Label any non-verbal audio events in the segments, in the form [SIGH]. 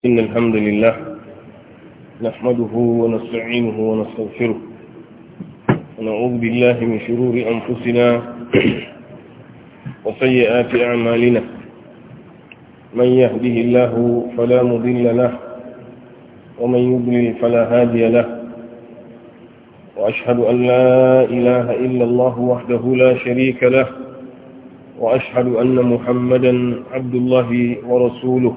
إن الحمد لله نحمده ونستعينه ونستغفره ونعوذ بالله من شرور أنفسنا وسيئات أعمالنا من يهده الله فلا مضل له ومن يضلل فلا هادي له وأشهد أن لا إله إلا الله وحده لا شريك له وأشهد أن محمدا عبد الله ورسوله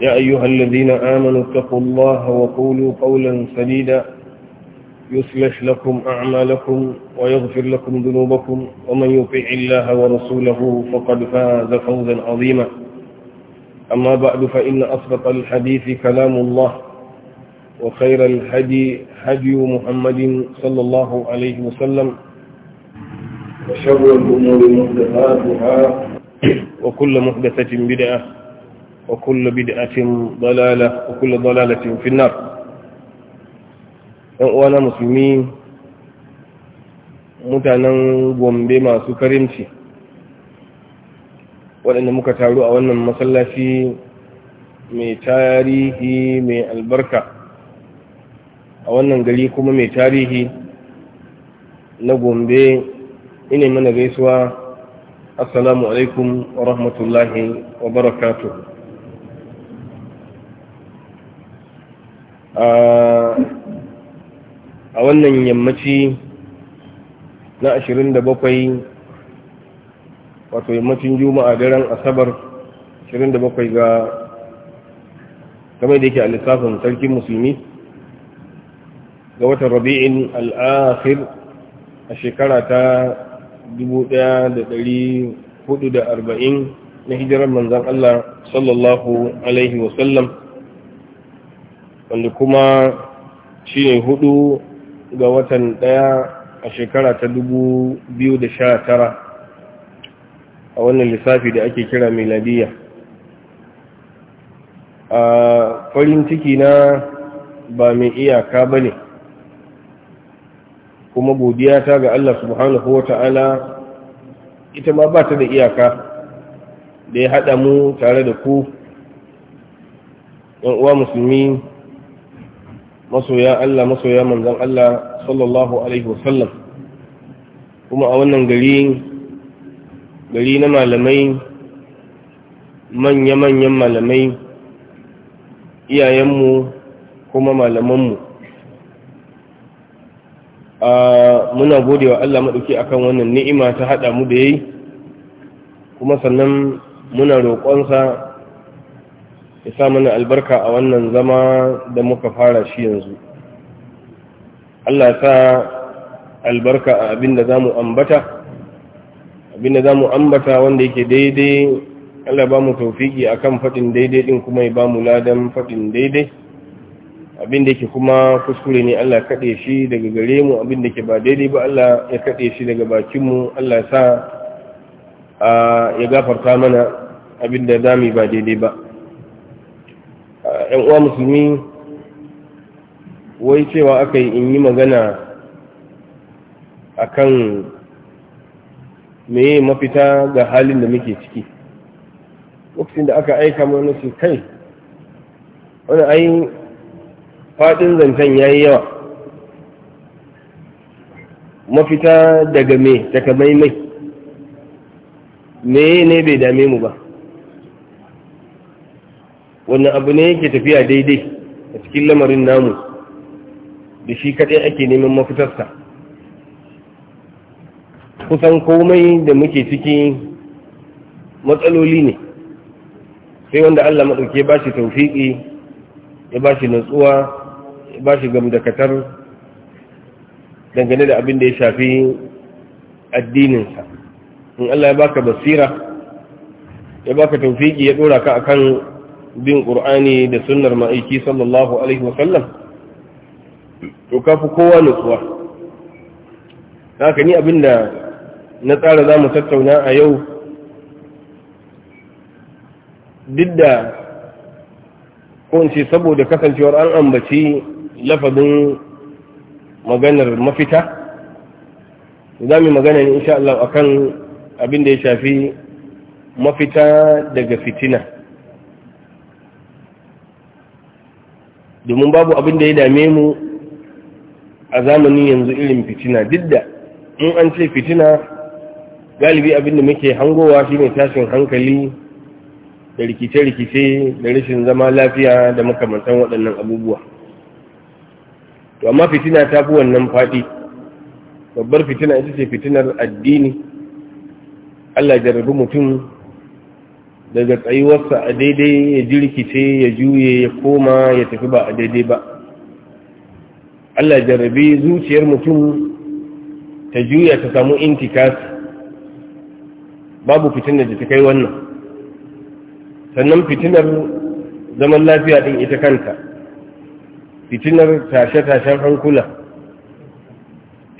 يا أيها الذين آمنوا اتقوا الله وقولوا قولا سديدا يصلح لكم أعمالكم ويغفر لكم ذنوبكم ومن يطيع الله ورسوله فقد فاز فوزا عظيما أما بعد فإن أصدق الحديث كلام الله وخير الهدي هدي محمد صلى الله عليه وسلم وشر الأمور محدثاتها وكل محدثة بدعة وكل بدعة ضلالة وكل ضلالة في النار وانا مسلمين mutanen gombe masu karimci waɗanda muka taru a wannan masallaci mai tarihi mai albarka a wannan gari kuma mai tarihi na gombe ina mana gaisuwa assalamu alaikum wa rahmatullahi wa barakatuhu a wannan yammaci na 27 wato yammacin juma'a daren asabar 27 ga kamar da yake a lissafin sarkin musulmi ga watan rabi'in al'afir a shekara ta 1440 na hijirar manzan Allah sallallahu Alaihi wasallam wanda kuma shi ne hudu ga watan daya a shekara ta dubu biyu da sha tara a wannan lissafi da ake kira miladiya a farin ciki na ba mai iyaka ba ne kuma godiya ta ga Allah subhanahu wa ta'ala ita ma ba ta da iyaka da ya haɗa mu tare da ku uwa musulmi masoya Allah masoya manzan Allah sallallahu alaihi wasallam kuma a wannan gari gari na malamai manya-manyan malamai iyayenmu kuma malamanmu a muna gode wa Allah maɗauki akan wannan ni'ima ta haɗa mu da yi kuma sannan muna roƙonsa ya sa mana albarka a wannan zama da muka fara shi yanzu Allah ya sa albarka a abin da za mu ambata abin da za mu ambata wanda yake daidai Allah ba mu taufiki a kan faɗin daidai ɗin kuma ya ba mu ladan faɗin daidai abin da yake kuma kuskure ne Allah kaɗe shi daga gare mu abin da ke ba daidai ba Allah ya kaɗe shi daga bakinmu Allah ya sa ya gafarta mana abin da za mu ba daidai ba yan uwa musulmi wai cewa aka yi in yi magana a kan me mafita ga halin da muke ciki lokacin da aka aika mana su kai wani ai fadin zancen ya yi yawa mafita daga mai daga mai me ne bai dame mu ba wannan abu ne yake tafiya daidai a cikin lamarin namu da shi kaɗai ake neman mafitarsa kusan komai da muke ciki matsaloli ne sai wanda Allah maɗauke ba shi taufiƙi ya ba shi natsuwa ya ba shi gamdakatar dangane da abin da ya shafi addininsa in Allah ya baka basira ya baka taufiƙi ya ɗora ka akan bin ƙur'ani da sunnar ma'aiki sallallahu alaihi wasallam to kafa kowa nutsuwa haka ni abinda na tsara za mu tattauna a yau duk da kunce saboda kasancewar an ambaci lafazin maganar mafita za mu magana ne insha Allah akan abinda ya shafi mafita daga fitina domin babu abin da ya dame mu a zamani yanzu irin fitina duk da in an ce fitina galibi abin da muke hangowa shi ne tashin hankali da rikice-rikice da rashin zama lafiya da makamantan waɗannan abubuwa to amma fitina ta fi wannan faɗi babbar fitina ita ce fitinar addini Allah jarabi mutum daga tsayuwarsa a daidai ya jirkice ya juye ya koma ya tafi ba a daidai ba Allah jarrabe zuciyar mutum ta juya ta samu intikas babu fitinar da ta kai wannan sannan fitinar zaman lafiya din ita kanta fitinar tashe-tashen hankula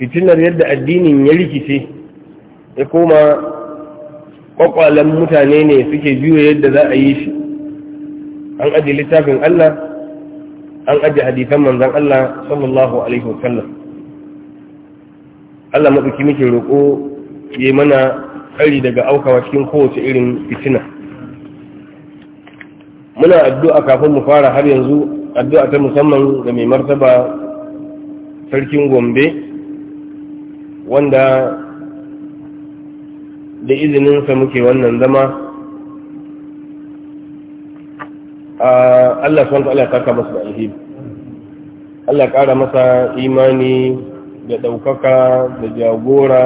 fitinar yadda addinin ya rikice ya koma kwakwalen mutane ne suke biyo yadda za a yi shi an aji littafin Allah an aji hadisan manzan Allah sallallahu alaihi wa sallam Allah maɗauki muke roƙo ya mana kari daga aukawa cikin kowace irin fitina muna addu'a kafin mu fara har yanzu addu'a ta musamman ga mai martaba sarkin gombe wanda da izininsa muke wannan zama Allah swt Allah kaka masa da alheri Allah ƙara masa imani da ɗaukaka da jagora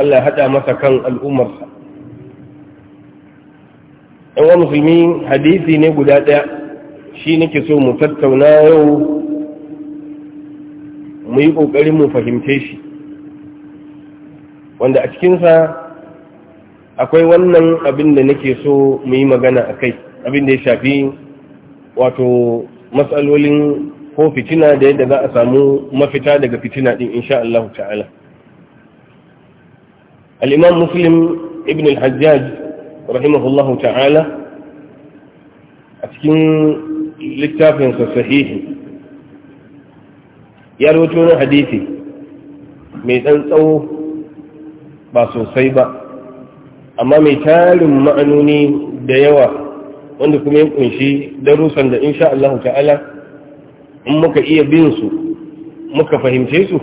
Allah haɗa masa kan al'ummarsa ‘yan wa musulmi hadisi ne guda ɗaya shi nake so mu tattauna yau mu yi ƙoƙarin mu fahimce shi wanda a cikinsa akwai wannan abin da nake so mu yi magana a kai abin da ya shafi wato matsalolin ko fitina da yadda za a samu mafita daga fitina din insha Allah ta'ala al'imam muslim ibn al-hajjaj rahimahullah ta'ala a cikin littafinsa sahihi ya rawaito wani hadisi mai tsawo ba sosai ba amma mai tarin ma'anoni da yawa wanda kuma ya kunshi darussan da insha Allah ta'ala in muka iya bin su muka fahimce su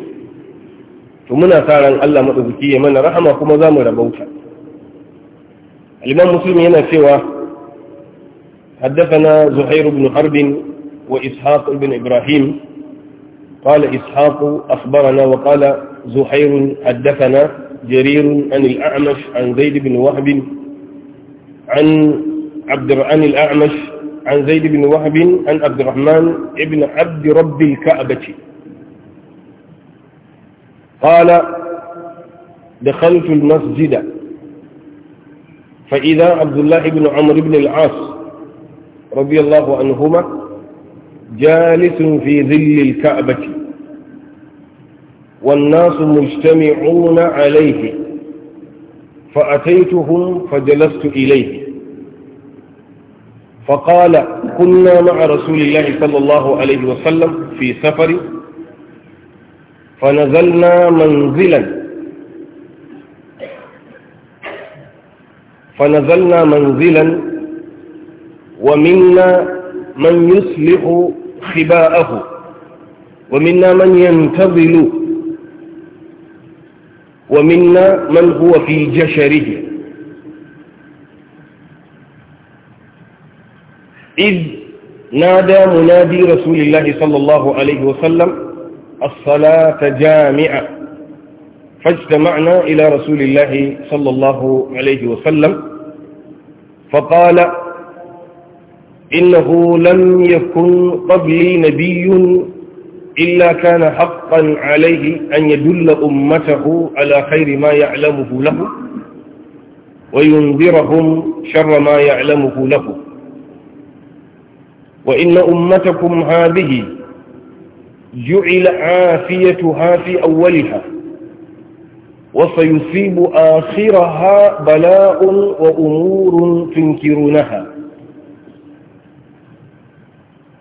to muna sa Allah madaukaki ya mana rahama kuma za mu rabauta al-Imam Muslim yana cewa حدثنا زهير بن حرب وإسحاق بن إبراهيم قال إسحاق أخبرنا وقال زهير حدثنا جرير عن الأعمش عن زيد بن وهب عن عبد عن الأعمش عن زيد بن وهب عن عبد الرحمن ابن عبد رب الكعبة قال دخلت المسجد فإذا عبد الله بن عمرو بن العاص رضي الله عنهما جالس في ظل الكعبة والناس مجتمعون عليه فأتيتهم فجلست إليه فقال كنا مع رسول الله صلى الله عليه وسلم في سفر فنزلنا منزلا فنزلنا منزلا ومنا من يصلح خباءه ومنا من ينتظل ومنا من هو في جشره إذ نادى منادي رسول الله صلى الله عليه وسلم الصلاة جامعة فاجتمعنا إلى رسول الله صلى الله عليه وسلم فقال إنه لم يكن قبلي نبي إلا كان حقا عليه أن يدل أمته على خير ما يعلمه له وينذرهم شر ما يعلمه له وإن أمتكم هذه جعل عافيتها في أولها وسيصيب آخرها بلاء وأمور تنكرونها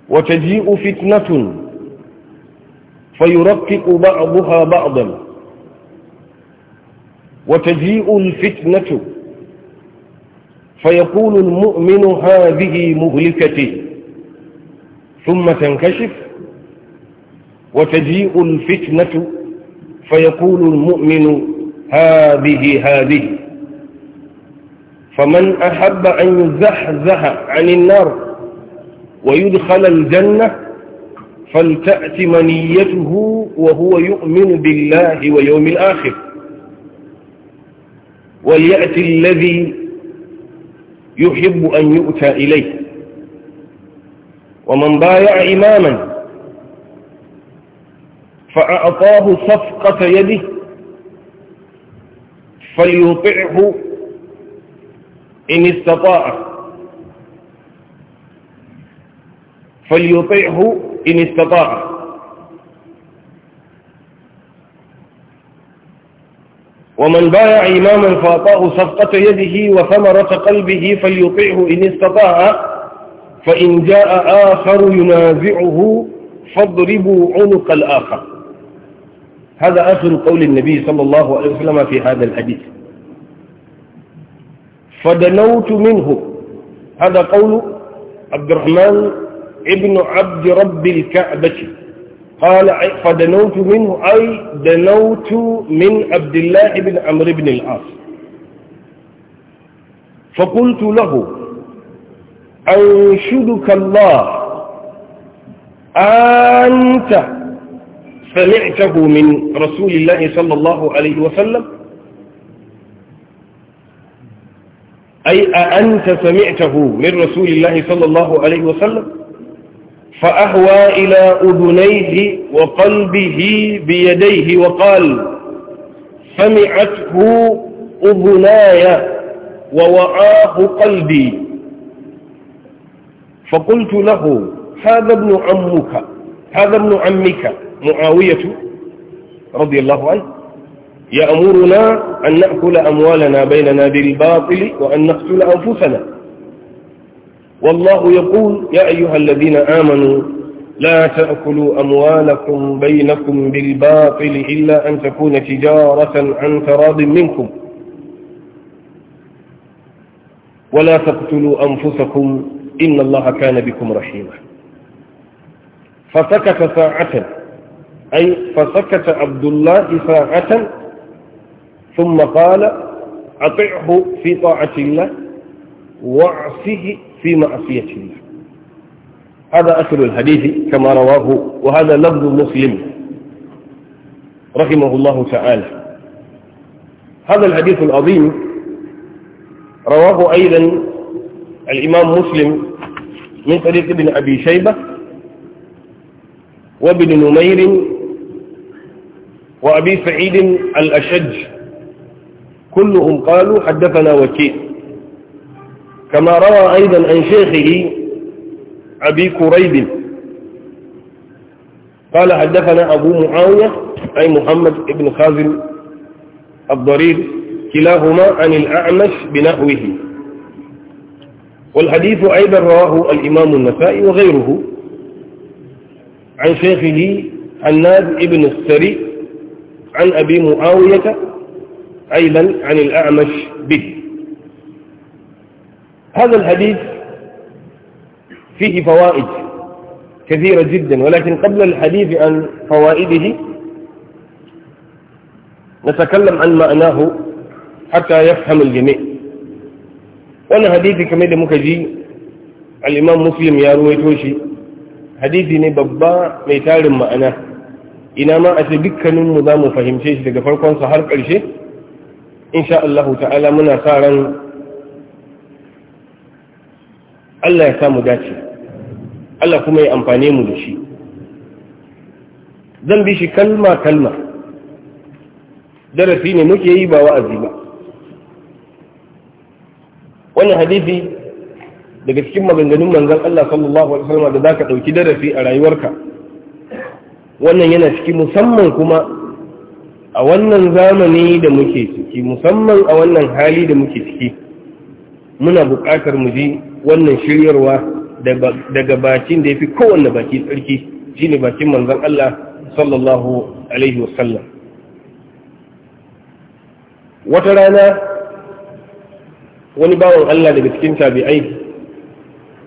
وتجيء فتنة فيرقق بعضها بعضا وتجيء الفتنة فيقول المؤمن هذه مهلكتي ثم تنكشف وتجيء الفتنة فيقول المؤمن هذه هذه فمن أحب أن يزحزح عن النار ويدخل الجنة فلتأت منيته وهو يؤمن بالله ويوم الآخر وليأت الذي يحب أن يؤتى إليه ومن بايع إماما فأعطاه صفقة يده فليطعه إن استطاع فليطعه إن استطاع ومن بايع إماما فأطاء صفقة يده وثمرة قلبه فليطيعه إن استطاع فإن جاء آخر ينازعه فاضربوا عنق الآخر هذا آخر قول النبي صلى الله عليه وسلم في هذا الحديث فدنوت منه هذا قول عبد الرحمن ابن عبد رب الكعبة قال فدنوت منه أي دنوت من عبد الله بن عمرو بن العاص فقلت له أنشدك الله أنت سمعته من رسول الله صلى الله عليه وسلم أي أأنت سمعته من رسول الله صلى الله عليه وسلم فأهوى إلى أذنيه وقلبه بيديه وقال سمعته أذناي ووعاه قلبي فقلت له هذا ابن عمك هذا ابن عمك معاوية رضي الله عنه يأمرنا أن نأكل أموالنا بيننا بالباطل وأن نقتل أنفسنا والله يقول يا أيها الذين آمنوا لا تأكلوا أموالكم بينكم بالباطل إلا أن تكون تجارة عن تراض منكم ولا تقتلوا أنفسكم إن الله كان بكم رحيما فسكت ساعة أي فسكت عبد الله ساعة ثم قال أطعه في طاعة الله واعصه في معصية الله هذا أصل الحديث كما رواه وهذا لفظ مسلم رحمه الله تعالى هذا الحديث العظيم رواه أيضا الإمام مسلم من طريق ابن أبي شيبة وابن نمير وأبي سعيد الأشج كلهم قالوا حدثنا وكيل كما روى أيضا عن شيخه أبي كريب قال حدثنا أبو معاوية أي محمد بن خازم الضرير كلاهما عن الأعمش بنحوه والحديث أيضا رواه الإمام النسائي وغيره عن شيخه حناد بن السري عن أبي معاوية أيضا عن الأعمش به هذا الحديث فيه فوائد كثيرة جدا ولكن قبل الحديث عن فوائده نتكلم عن معناه حتى يفهم الجميع وانا حديثي كما يدى مكجي الامام مسلم يا روي توشي حديثي بابا ميتال معنا انما اتبكا نمو دامو فهمشيش دقفر كون سهر قرشي ان شاء الله تعالى منا سارا Allah ya samu dace Allah kuma ya amfane mu da shi zan bi shi kalma kalma darasi ne muke yi ba wa'azi ba Wani hadisi daga cikin maganganun manzon Allah sallallahu alaihi wasallam da zaka dauki darasi a rayuwarka wannan yana ciki musamman kuma a wannan zamani da muke ciki musamman a wannan hali da muke ciki muna buƙatar mu ji wannan shiryarwa daga bakin da ya fi kowanne baki tsarki shi ne bakin manzan Allah sallallahu Alaihi wasallam wata rana wani bawan Allah daga cikin tabi'ai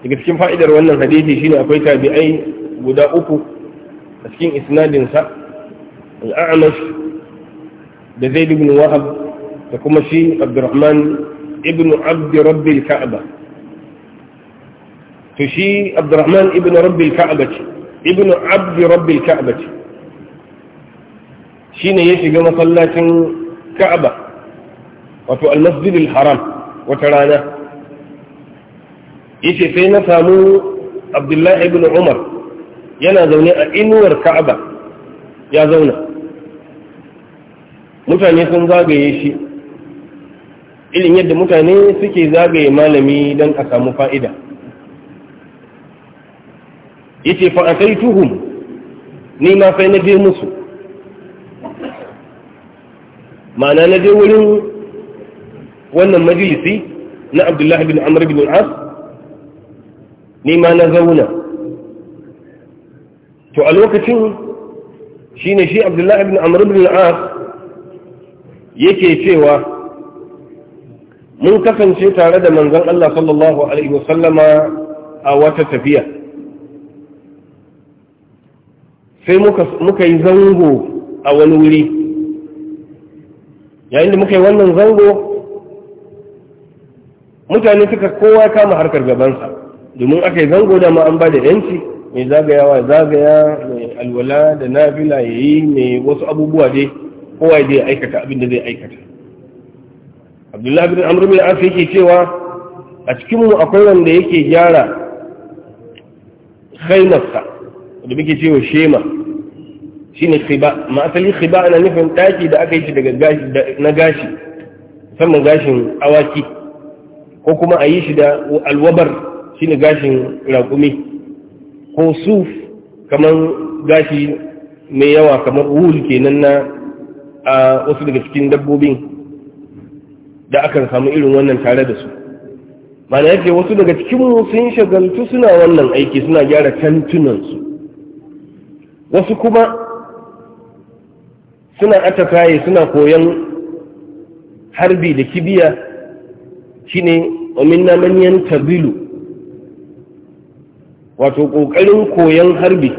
daga cikin fa'idar wannan hadisi shine akwai tabi'ai guda uku a cikin isnadinsa al'amash da zai ibn wahab da kuma shi abdurrahman ibn abdi rabbil ka'aba to shi abdurrahman ibn rabbil ka'aba ce ibn abd rabbil ka'aba ce shine ya shiga masallacin ka'aba wato al-masjid al-haram wata rana yace sai na samu abdullahi ibn umar yana zaune a inuwar ka'aba ya zauna mutane sun zagaye shi irin yadda mutane suke zagaye malami don a samu fa'ida yace fa ataituhum ni ma sai na je musu ma'ana na je wurin wannan majlisi na Abdullahi bin Amr bin Al-As ni ma na zauna to a lokacin shine shi Abdullahi bin Amr bin Al-As yake cewa mun kasance tare da manzon Allah sallallahu alaihi wasallama a wata tafiya sai muka yi zango a wani wuri yayin da muka yi wannan zango mutane suka kowa kama harkar gabansa domin aka yi zango da ma an ba da yanci mai zagayawa zagaya mai alwala da nafila ya yi mai wasu abubuwa dai kowa dai aikata abin da zai aikata abdullahi bin amru bin afi yake cewa a cikinmu akwai wanda yake gyara khaimarsa da muke cewa shema ne khiba ma asali khiba ana nufin daki da aka yi shi daga gashi na gashi musamman gashin awaki ko kuma a yi shi da alwabar shi ne gashin raƙumi ko suf kamar gashi mai yawa kamar wul kenan na a wasu daga cikin dabbobin da aka samu irin wannan tare da su mana yake wasu daga cikin sun shagaltu suna wannan aiki suna gyara tantunansu wasu kuma suna atakaye suna koyon harbi da kibiya shine na manyan tabilu wato ƙoƙarin koyon harbi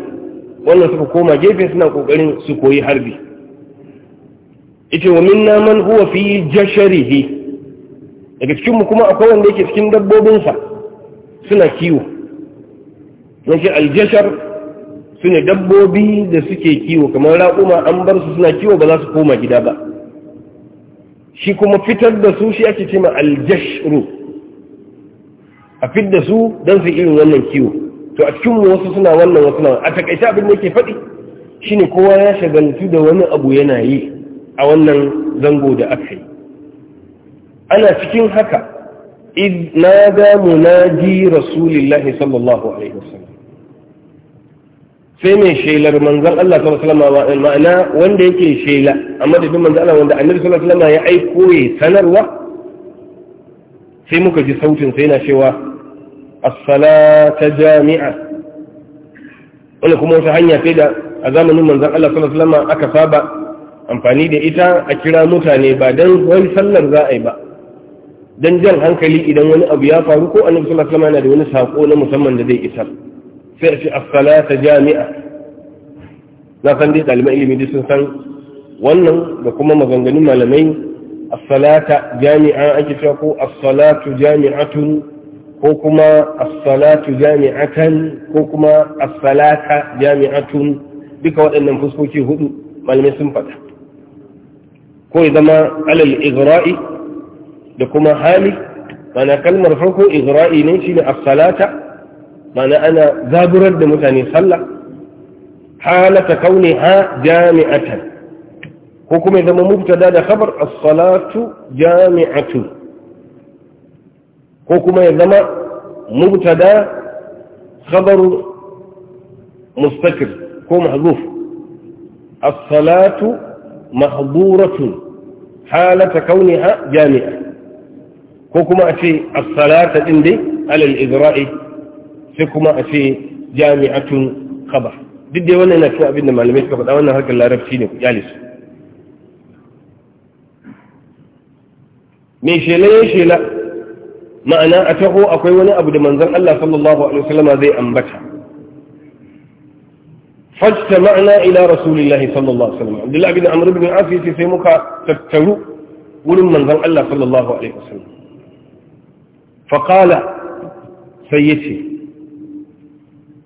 wannan suka koma gefe suna ƙoƙarin su koyi harbi ita wa minna man huwa fi jasharihi daga cikinmu kuma akwai wanda yake cikin dabbobinsa suna kiwo yake aljashar su ne dabbobi da suke kiwo kamar raƙuma an bar su suna kiwo ba za su koma gida ba shi kuma fitar da su shi ake cima aljashru a fit da su don su irin wannan kiwo to a cikin wasu suna wannan wasu na a takaita abin da yake faɗi shine kowa ya shagaltu da wani abu yana yi a wannan zango da aka yi ana cikin haka na ga munaji rasulillahi sallallahu alaihi wasallam sai mai shelar manzan Allah sallallahu alaihi wasallam ma'ana wanda yake shela amma da manzan Allah wanda annabi sallallahu alaihi wasallam ya aiko ya sanarwa sai muka ji sautin sai yana cewa as-salata jami'a wani kuma wata hanya sai da a zamanin manzan Allah sallallahu alaihi wasallam aka saba amfani da ita a kira mutane ba dan wani sallar za a yi ba dan jan hankali idan wani abu ya faru ko annabi sallallahu alaihi wasallam yana da wani sako na musamman da zai isar sai a ce jami'a na san dai ɗaliban ilimi dai sun san wannan da kuma maganganun malamai asalata jami'a ake cewa ko asalatu salatu jami'atun ko kuma asalatu salatu jami'atan ko kuma asalata jami'atun duka waɗannan fuskoki hudu malamai sun faɗa ko ya zama alal igra'i da kuma hali mana kalmar farko igra'i ne shine as mana ana zaburar da mutane sallah halata kauni ha jami'atan ko kuma zama mubtada da khabar as-salatu jami'atu ko kuma ya zama mubtada khabaru mustakir ko mahzuf as-salatu mahduratun halata kauni ha jami'a ko kuma a ce as-salata din dai alal idra'i sai kuma a ce jami'atun kaba. duk dai wannan na cikin abin da malamai suka faɗa wannan harkar larabci ne ku kyale su mai shela ya shela ma'ana a taho akwai wani abu da manzan Allah sallallahu alaihi wasallama zai ambata fajta ma'ana ila rasulillahi sallallahu alaihi wasallam Abdullahi bin Amr bin As yace sai muka tattaru wurin manzan Allah sallallahu alaihi wasallam fa qala sai yace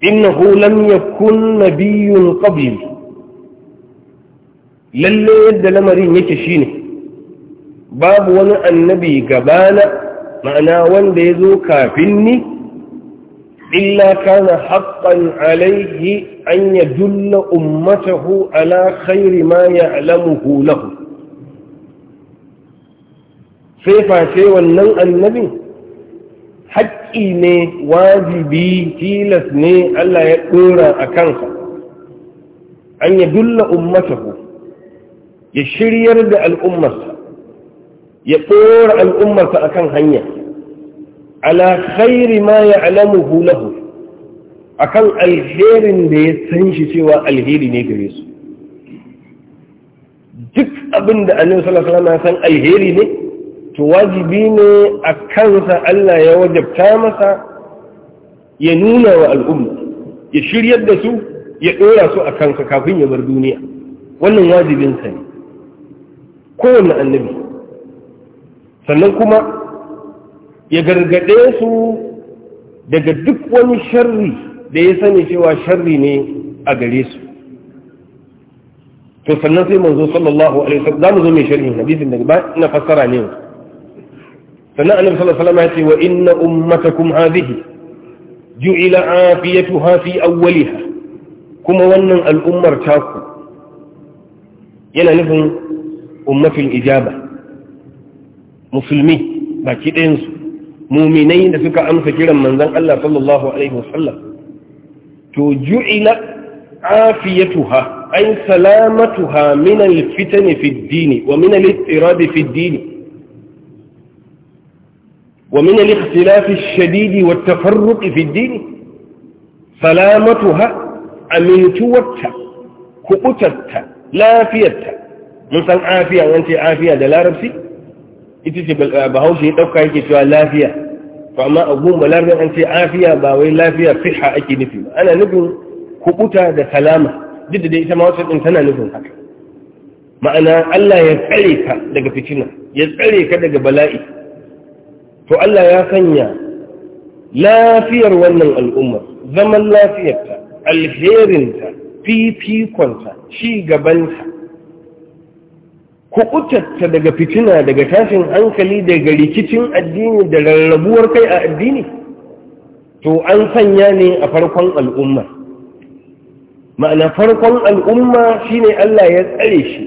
innahu lam yakun nabiyyun qabli lalle yadda lamarin yake shine babu wani annabi gabana ma'ana wanda ya zo kafin ni illa kana haqqan alaihi an yadulla ummatahu ala khairi ma ya'lamuhu lahu sai face wannan annabin haƙƙi ne wajibi tilas ne Allah ya ɗora a kansa an ya dulla ummatahu ya shiryar da al'ummarsa ya ɗora al'ummarsa kan hanya ala khairi ma ya alamu hulahu. A kan alherin da ya san shi cewa alheri ne gare su duk abin da annabi sallallahu alaihi wasallam san alheri ne to wajibi ne a kansa Allah ya wajabta masa ya nuna wa al'umma ya shiryar da su ya ɗora su a kansa kafin ya bar duniya wannan wajibinsa ne kowane annabi sannan kuma ya gargaɗe su daga duk wani sharri da ya sani cewa sharri ne a gare su to sannan sai manzo sallallahu alaihi wasallam zamu zo mai sharhi hadisin daga ba ina fassara ne sannan annabi sallallahu alaihi wasallam ya ce wa inna ummatakum hadhihi ju'ila afiyatuha fi awwaliha kuma wannan al'ummar taku yana nufin ummatul ijaba musulmi baki ɗayansu muminai da suka amsa kiran manzon Allah sallallahu alaihi wasallam to ju'ila afiyatuha ay salamatuha min al-fitan fi ad-din wa min al-ittirab fi ad-din ومن الاختلاف الشديد والتفرق في Salamatu سلامتها أمنتوتها كؤتتها لافيتها mun san afiya wance afiya da larabci ita ce bahaushe ya ɗauka yake cewa lafiya to amma abun ba larabci an ce afiya ba wai lafiya fiha ake nufi ba ana nufin kubuta da salama duk da ita ma wasu ɗin tana nufin haka ma'ana Allah ya tsare ka daga fitina ya tsare ka daga bala'i to Allah ya sanya lafiyar wannan al'ummar zaman lafiyarta alherinta fifikonta ci gabanta kukutatta daga fitina daga tashin hankali daga rikicin addini da rarrabuwar kai a addini to an sanya ne a farkon al'umma ma'ana farkon al'umma shine Allah ya tsare shi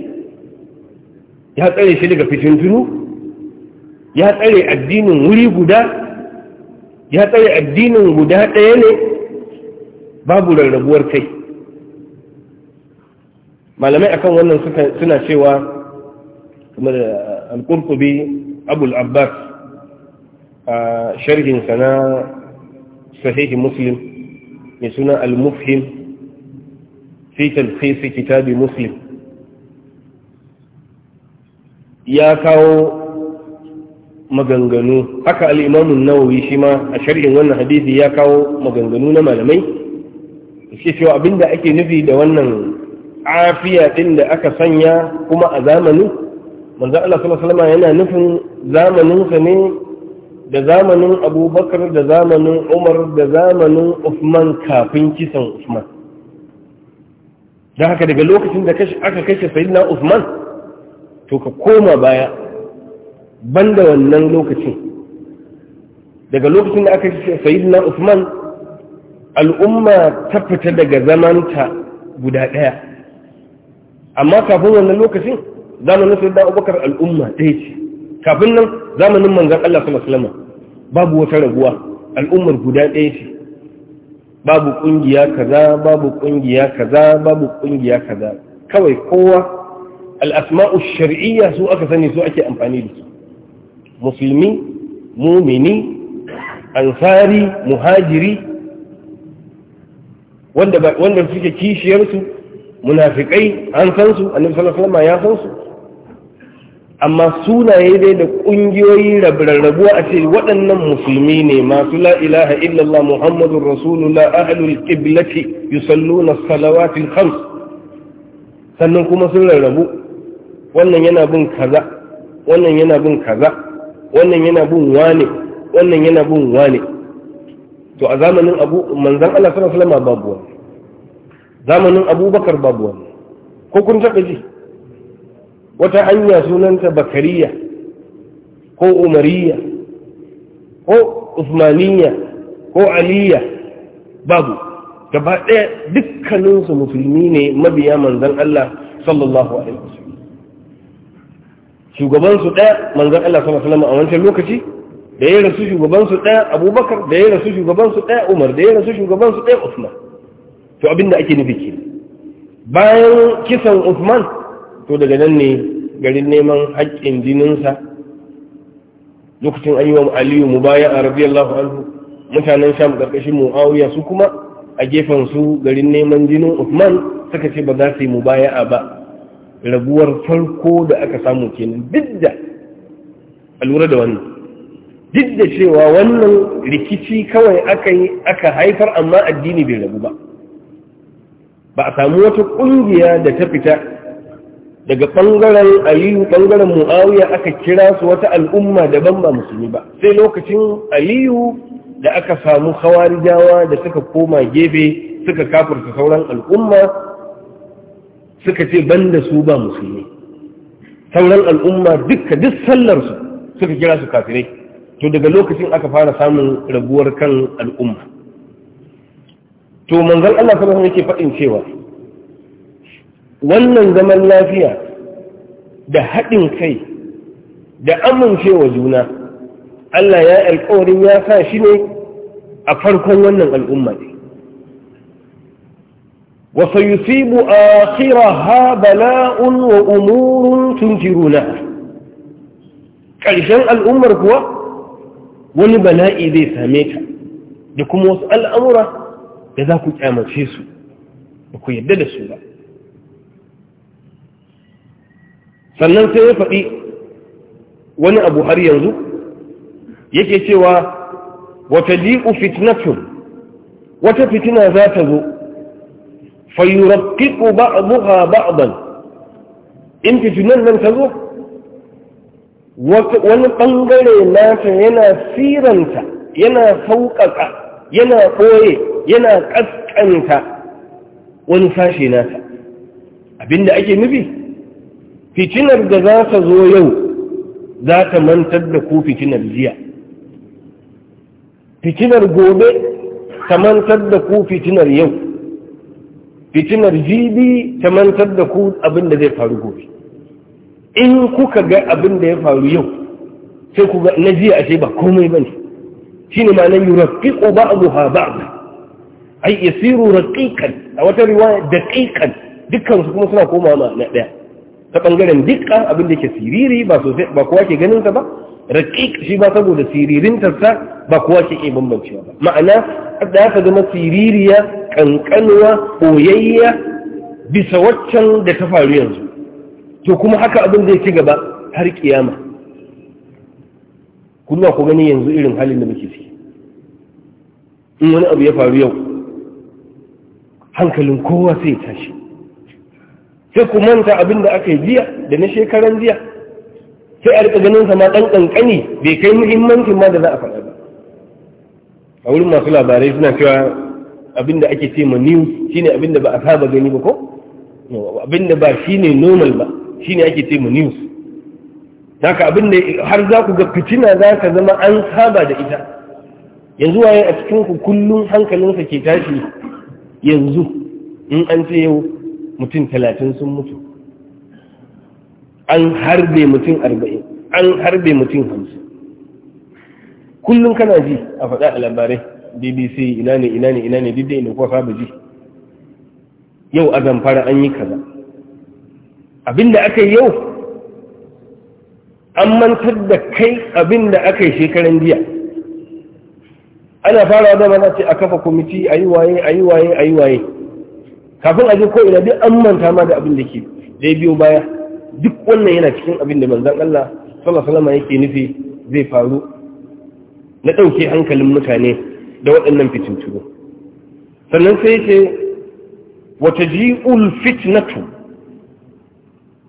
ya tsare shi daga fitintunu ya tsare addinin wuri guda ya tsare addinin guda ɗaya ne babu rarrabuwar kai malamai akan wannan suna cewa kamar uh, al abul abbas a sharhinsa na sahihi muslim mai suna al-mufhim fi talfisi kitabi muslim ya kawo maganganu haka al'imamun nawawi shi ma a sharhin wannan hadisi ya kawo maganganu na malamai shi cewa abinda ake nufi da wannan afiya din da aka sanya kuma a zamanin manzo Allah sallallahu alaihi wasallam yana nufin zamanin sa ne da zamanin Abubakar da zamanin Umar da zamanin Uthman kafin kisan Uthman Da haka daga lokacin da aka kashe Sayyidina Uthman to ka koma baya banda wannan lokacin daga lokacin da aka ce sayyidina Usman al'umma ta fita daga zamanta guda ɗaya amma kafin wannan lokacin zamanin sayyidina Abubakar al'umma ɗaya ce kafin nan zamanin manzon Allah sallallahu alaihi wasallam babu wata raguwa al'ummar guda ɗaya ce babu ƙungiya kaza babu ƙungiya kaza babu ƙungiya kaza kawai kowa al'asma'u shar'iyya su aka sani su ake amfani da su musulmi mumini ansari muhajiri wanda suke kishiyarsu munafikai an san annabi sallallahu alaihi ya sansu. amma sunaye dai da kungiyoyi rabu a ce waɗannan musulmi ne masu la ilaha illallah muhammadur rasulullah ahlul qiblati yusalluna salawatil khams sannan kuma sun rarrabu wannan yana bin kaza wannan yana bin kaza wannan yana bin wane wannan yana bin wane to a zamanin abu manzan Allah sallallahu alaihi wasallam babu wani zamanin abubakar babu wani ko kun taɓa ji wata hanya sunanta bakariya ko umariya ko usmaniya ko aliya babu gaba ɗaya dukkaninsu musulmi ne mabiya manzan Allah sallallahu alaihi wasallam Shugabansu ɗaya daya Allah sama salama a wancan lokaci da ya rasu shugabansu ɗaya Abubakar da ya rasu shugabansu ɗaya Umar da ya rasu shugabansu ɗaya Usman to abin da ake nufi ke bayan kisan Usman to daga nan ne garin neman haƙƙin jininsa lokacin an Aliyu wa Aliyu mubaya'a radiyallahu anhu mutanen Sham ƙarƙashin Muawiya su kuma a gefen su garin neman jinin Usman suka ce ba za su yi mu mubaya'a ba raguwar farko da aka samu kenan bidda a lura da wannan duk cewa wannan rikici kawai aka yi aka haifar amma addini bai rabu ba ba a samu wata ƙungiya da ta fita daga bangaren aliyu ɓangaren mu'awiya aka kira su wata al'umma daban ba musulmi ba sai lokacin aliyu da aka samu hawarijawa da suka koma gefe suka kafirta sauran al'umma suka ce banda su ba musulmi sauran al'umma dukka duk sallarsu suka kira su kafirai to daga lokacin aka fara samun rabuwar kan al'umma to manzon Allah sallallahu yake faɗin cewa wannan zaman lafiya da haɗin kai da amincewa juna Allah ya alƙawarin ya sa shi ne a farkon wannan al'umma ne وسيصيب آخرها بلاء وأمور تنكرونها ƙarshen al'ummar kuwa wani bala'i zai same ta da kuma wasu al'amura da za ku kyamace su ba ku yarda da su ba sannan sai ya faɗi wani abu har yanzu yake cewa wata liƙu fitnatun wata fitina za ta zo ba a ba a ban. in fitinar nan ka zo wani ɓangare nata yana siranta yana sauƙaƙa yana ɓoye yana ƙasƙanta wani sashe nata abinda ake nufi fitinar da za ta zo yau za ta mantar da ku fitinar jiya fitinar gobe ta mantar da ku fitinar yau fitinar jibi ta mantar da ku abin da zai faru gobe in kuka ga abin da ya faru yau sai ku ga na jiya ce ba komai ba ne shi ne malam yi rafiƙo ba a zuha ba a ai siru, raƙiƙan a wata riwaya da ƙiƙan dukkansu kuma suna koma ma na ɗaya ta ɓangaren dukkan abin da ke siriri ba sosai ba kowa ke ganin ba raƙiƙ shi ba saboda siririn tarsa ba kowa ke iya bambancewa ba ma'ana da aka zama siririya ƙanƙanuwa koyayya bisa waccan da ta faru yanzu to kuma haka abin zai ci gaba har kiyama kuduwa ku gani yanzu irin halin da muke ciki in wani abu ya faru yau hankalin kowa sai tashi sai ku manta abin da aka yi jiya da na shekaran jiya sai a rika ganin sama ɗan ƙanƙani bai kai muhimmancin ma da za a faɗa ba a wurin masu labarai suna cewa abinda ake ce ma new shine abinda ba a saba gani ba ko abinda ba shine normal ba shine ake ce ma new haka abinda har za ku ga fitina za ka zama an saba da ita yanzu waye a cikin ku kullum hankalinsa ke tashi yanzu in an ce yau mutum talatin sun mutu an harbe mutum arba'in an harbe mutum hamsin kullum kana ji a faɗa a labarai bbc ina ne ina ne ina ne duk inda kuwa faɗa ji yau a zamfara an yi kaza abinda aka yi yau an mantar da kai abinda aka yi shekaran jiya ana fara da mana ce a kafa kwamiti a yi waye a yi waye a yi waye kafin a je ko ina duk an manta ma da abin da ke dai biyo baya duk wannan yana cikin abin da manzon Allah sallallahu alaihi wasallam yake nufi zai faru na ɗauke hankalin mutane da waɗannan fitintunu sannan sai ce wata ji'ul fitnatu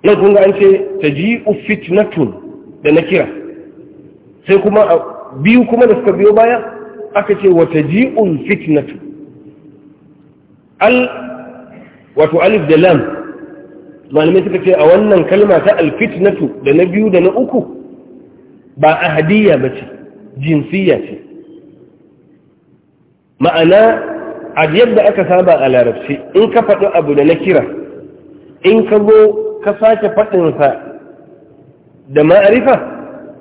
nan kunga an ce ta ji'u fitnatun da na kira sai kuma biyu kuma da suka biyo baya aka ce wata ji'ul fitnatu al wato alif da lam malamai suka ce a wannan kalma ta alfitnatu da na biyu da na uku ba ahadiyya ba ce jinsiya ce ma'ana a yadda aka saba a larabci in ka faɗi abu da na kira in ka zo ka sake faɗinsa da ma'arifa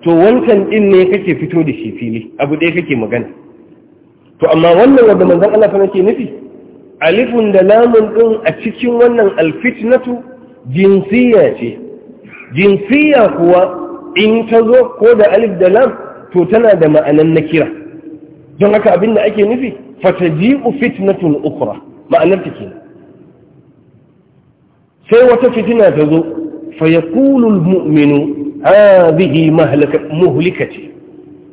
to wancan ɗin ne kake fito da shi fili abu ɗaya kake magana to amma wannan wanda manzon Allah fa nake nufi alifun da lamun ɗin a cikin wannan alfitnatu jinsiya ce jinsiya kuwa in ta zo ko da alif da lam to tana da ma'anan na kira don haka abin da ake nufi فتجيء فتنة أخرى ما أنت كنا سيوتفتنا تذو فيقول المؤمن هذه مهلكة مهلكتي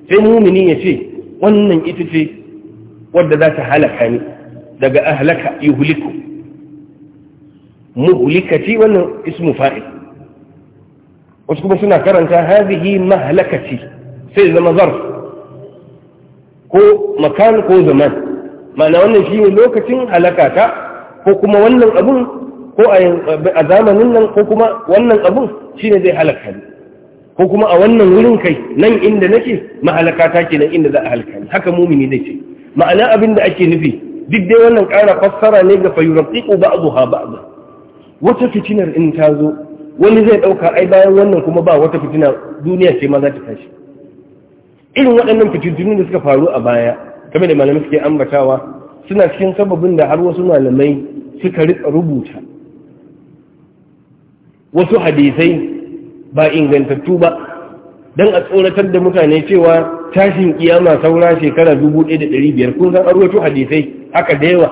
في مؤمنية شيء وأنني إتتي ود ذات هلك يعني دق أهلك يهلك مهلكتي وأن اسم فائد وشكو بسنا كرنك هذه مهلكتي سيزم ظرف كو مكان كو زمان ma'ana wannan shi ne lokacin halaka ta ko kuma wannan abun ko a zamanin nan ko kuma wannan abun shi ne zai halaka ne ko kuma a wannan wurin kai nan inda nake mahalaka ta ke nan inda za a halaka ne haka mumini zai ce ma'ana abin da ake nufi duk dai wannan ƙara fassara ne ga ba abu ha ba ba. wata fitinar in ta zo wani zai ɗauka ai bayan wannan kuma ba wata fitina duniya ce ma za ta tashi irin waɗannan fitintunin da suka faru a baya game da malamai suke ambatawa suna cikin sababin da har wasu malamai suka rika rubuta wasu hadisai ba ingantattu ba don a tsoratar da mutane cewa tashin kiyama saura shekara 1500 kun san arwato hadisai haka da yawa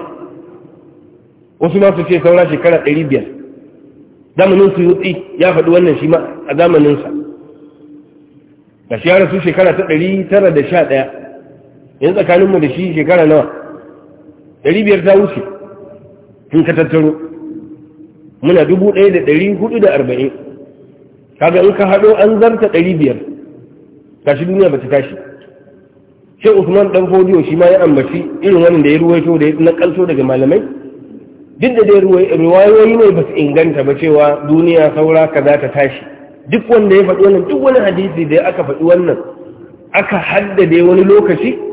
wasu masu ce saura shekara 500 zamanin su yutsi ya faɗi wannan shi ma a zamaninsa ga shi ya rasu shekara ta 911 in tsakaninmu da shi shekara nawa ɗari biyar ta wuce in ka tattaro muna dubu ɗaya da ɗari hudu da arba'in kaga in ka haɗo an zarta ɗari biyar tashi duniya ba ta tashi shi usman ɗan fodiyo shi ma ya ambaci irin wani da ya ruwaito da ya nakalto daga malamai duk da dai ruwayoyi ne ba su inganta ba cewa duniya saura kaza ta tashi duk wanda ya faɗi wannan duk wani hadisi da aka faɗi wannan aka haddade wani lokaci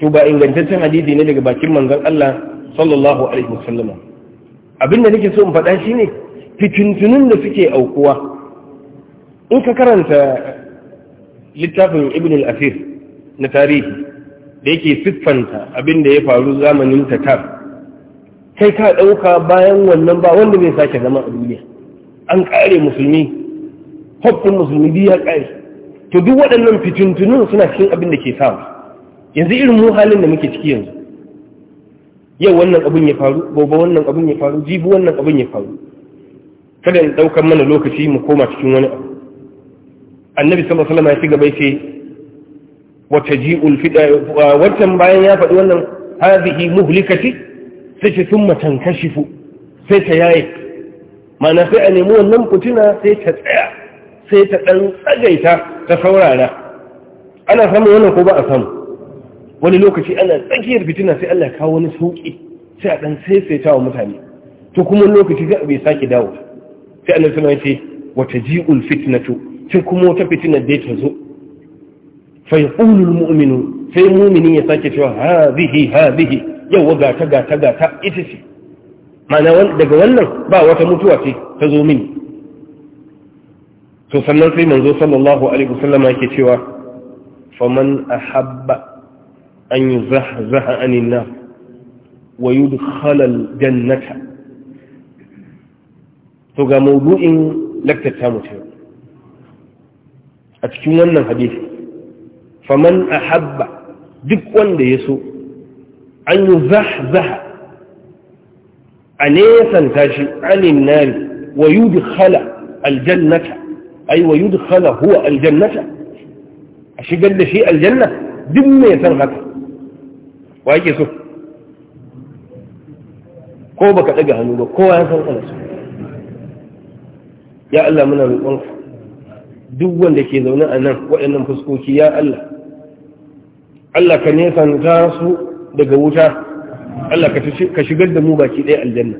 to ba ingantaccen hadisi ne daga bakin manzon Allah sallallahu alaihi wasallam abin da nake so in faɗa shine fitintunun da suke aukuwa in ka karanta littafin ibn al-asir na tarihi da yake siffanta abin da ya faru zamanin tatar kai ka ɗauka bayan wannan ba wanda bai sake zama a duniya an ƙare musulmi hoppin musulmi biya ƙare to duk waɗannan fitintunun suna cikin abin da ke samu yanzu irin mu halin da muke ciki yanzu yau wannan abin ya faru gobe wannan abin ya faru jibi wannan abin ya faru kada in daukar mana lokaci mu koma cikin wani abu annabi sallallahu alaihi wasallam ya ce gaba yace wa taji'ul fida wannan bayan ya faɗi wannan hazihi muhlikati sai ta thumma tankashifu sai ta yaye ma'ana sai a nemi wannan fitina sai ta tsaya sai ta dan tsagaita ta saurara ana samun wannan ko ba a samu wani lokaci ana tsakiyar fitina sai Allah kawo wani sauki sai a dan saisaita wa mutane to kuma lokaci ga bai sake dawo sai Allah sama yace wa taji'ul fitnatu sai kuma wata fitinar da ta zo fa yaqulu al sai mu'mini ya sake cewa hadhihi hadhihi yawa ga ta ga ta ga ta ita ce ma'ana daga wannan ba wata mutuwa ce ta zo mini to sannan sai manzo sallallahu alaihi wasallam yake cewa faman ahabba أن يزحزح عن النار ويدخل الجنة فقا موضوع لك تتامو تيو أتكيونا الحديث فمن أحب دكوان دي أن يزحزح أنيسا تاشي عن النار ويدخل الجنة أي ويدخل هو الجنة أشي قال لشيء الجنة duk mai san haka wa yake so ko baka daga hannu ba kowa ya san kansa so ya Allah muna roƙon duk wanda ke zaune a nan waɗannan fuskoki ya Allah Allah ka nesanta su daga wuta Allah ka shigar da mu baki ɗaya aljanna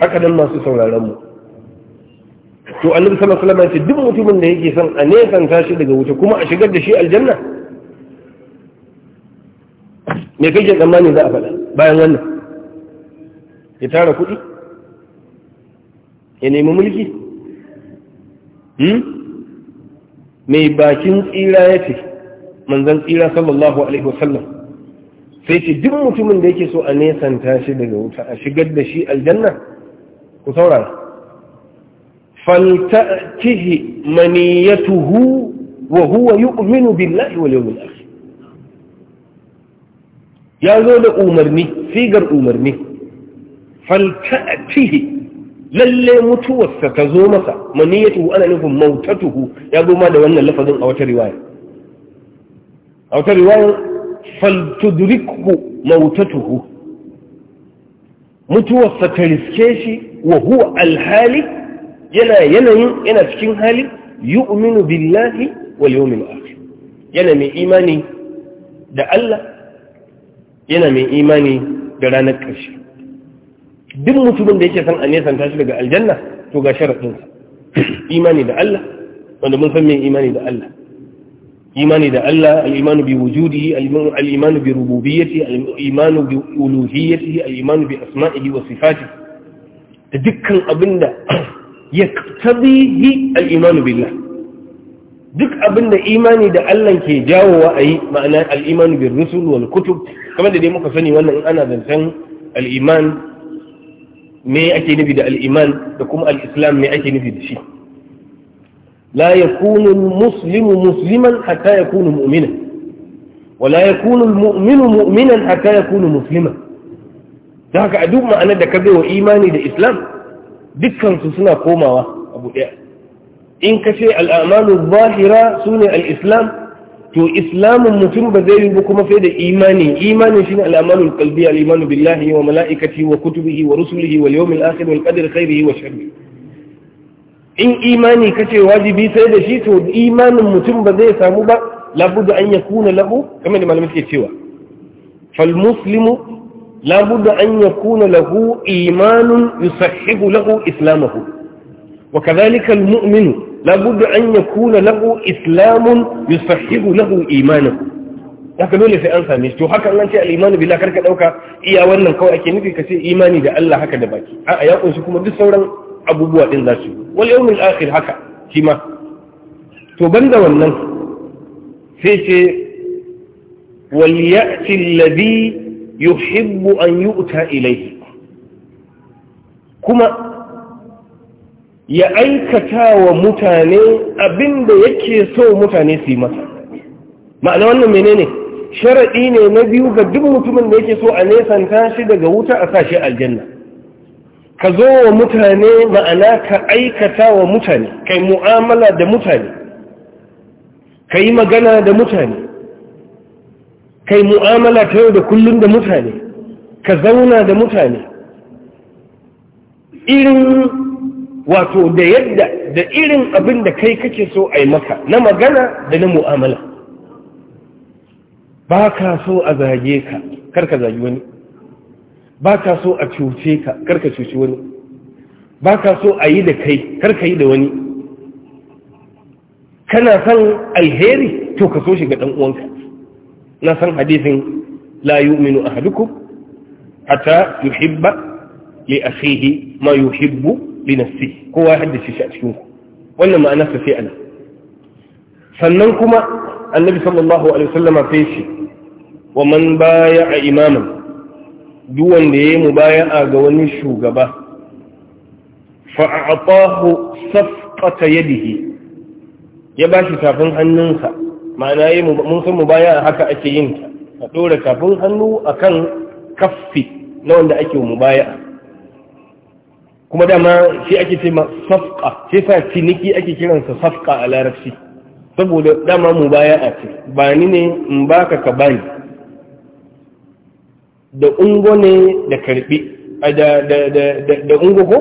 haka nan masu sauraron mu to annabi sallallahu alaihi wasallam ya ce duk mutumin da yake son a nesanta shi daga wuta kuma a shigar da shi aljanna me kake tsammani za a faɗa bayan wannan ya tara kuɗi ya nemi mulki mai hmm? bakin tsira ya ce manzan tsira sallallahu alaihi wasallam sai ce duk mutumin da yake so a nesanta shi daga wuta a shigar da shi aljanna ku saurara falta'tihi maniyatuhu wa huwa yu'minu billahi wal yawmil akhir ya zo da umarni sigar umarni falta'atihi lalle mutuwarsa ta zo masa maniyatuhu ana nufin mautatuhu ya zo ma da wannan lafazin a wata riwaya a wata riwaya faltudrikhu mautatuhu mutuwarsa ta riske shi wa huwa alhali yana yanayin yana cikin hali yu'minu billahi wal yawmil akhir yana mai imani da Allah yana mai imani da ranar ƙarshe duk mutumin da yake san a nesanta shi daga aljanna to ga sharaɗinsa [CLEARS THROAT] imani da Allah wanda mun san mai imani da Allah imani da Allah al'imanu bi wujudi al'imanu bi rububiyyati al'imanu bi uluhiyyati al'imanu bi asma'ihi wa sifati da dukkan abinda ya tabihi al'imanu billah duk abin da imani da Allah ke jawowa a yi ma'ana al'imanu bin rusul wal kutub kamar da dai muka sani wannan in ana zancen al'iman me ake nufi da al'iman da kuma al'islam me ake nufi da shi la yakunu muslimu musliman hatta yakunu mu'mina wa la yakunu mu'minu mu'minan hatta yakunu muslima da haka a duk ma'anar da ka bai wa imani da islam dukkan su suna komawa abu ɗaya in ka ce al'amalu zahira su ne al'islam to islamun mutum ba zai yi kuma sai da imani imani shine al'amalu kalbi al'imanu billahi wa mala'ikati wa kutubihi wa rusulihi wa yawmil akhir wal qadr khairihi wa sharri in imani ka ce wajibi sai da shi to imanin mutum ba zai samu ba labudda an yakuna lahu kamar da malamai suke cewa fal muslimu labudda an yakuna lahu imanun yusahhihu lahu islamahu وكذلك المؤمن Na أن يكون kuna إسلام islamun yusahihu lahu imanin haka dole sai an same shi to haka an ce al imani billah karka dauka iya wannan kawai ake nufi ka ce imani da Allah haka da baki a'a ya kunshi kuma duk sauran abubuwa din zasu wal yawmil akhir haka shi ma to banda wannan sai ce wal ya'ti alladhi yuhibbu an yu'ta ilayhi kuma ya aikata wa mutane abinda yake so mutane su yi masa ma'ana wannan menene sharaɗi ne na biyu ga duk mutumin da yake so a nesanta shi daga wuta a sashi aljanna ka zo wa mutane ma'ana ka aikata wa mutane kai mu'amala da mutane ka yi magana da mutane kai mu'amala ta yau da kullum da mutane ka zauna da mutane irin wato da yadda da irin abin da kai kake so a yi maka na magana da na mu'amala ba ka so a zage ka karka zagi wani ba ka so a cuce ka karka cuci wani ba ka so a yi da kai karka yi da wani kana son alheri to ka so shi ga ɗan'uwanka. na san hadisin la yu'minu ahadukum yi yuhibba ya akhihi ma yuhibbu bi kowa ya haddace shi a cikin ku wannan ma'ana sa sai ana sannan kuma annabi sallallahu alaihi wasallama sai shi wa man baya'a imaman duk wanda yayi mubaya'a ga wani shugaba fa a'tahu safqata yadihi ya bashi tafin hannunsa ma'ana yayi mun san mubaya'a haka ake yin ta a dora tafin hannu akan kaffi na wanda ake mubaya'a kuma dama shi ake ce ma safka sai sa ciniki ake kiransa safka a larabci saboda dama mu baya a ce ba ni ne in ba ka bani da ungo ne da karbi da da da da ungo ko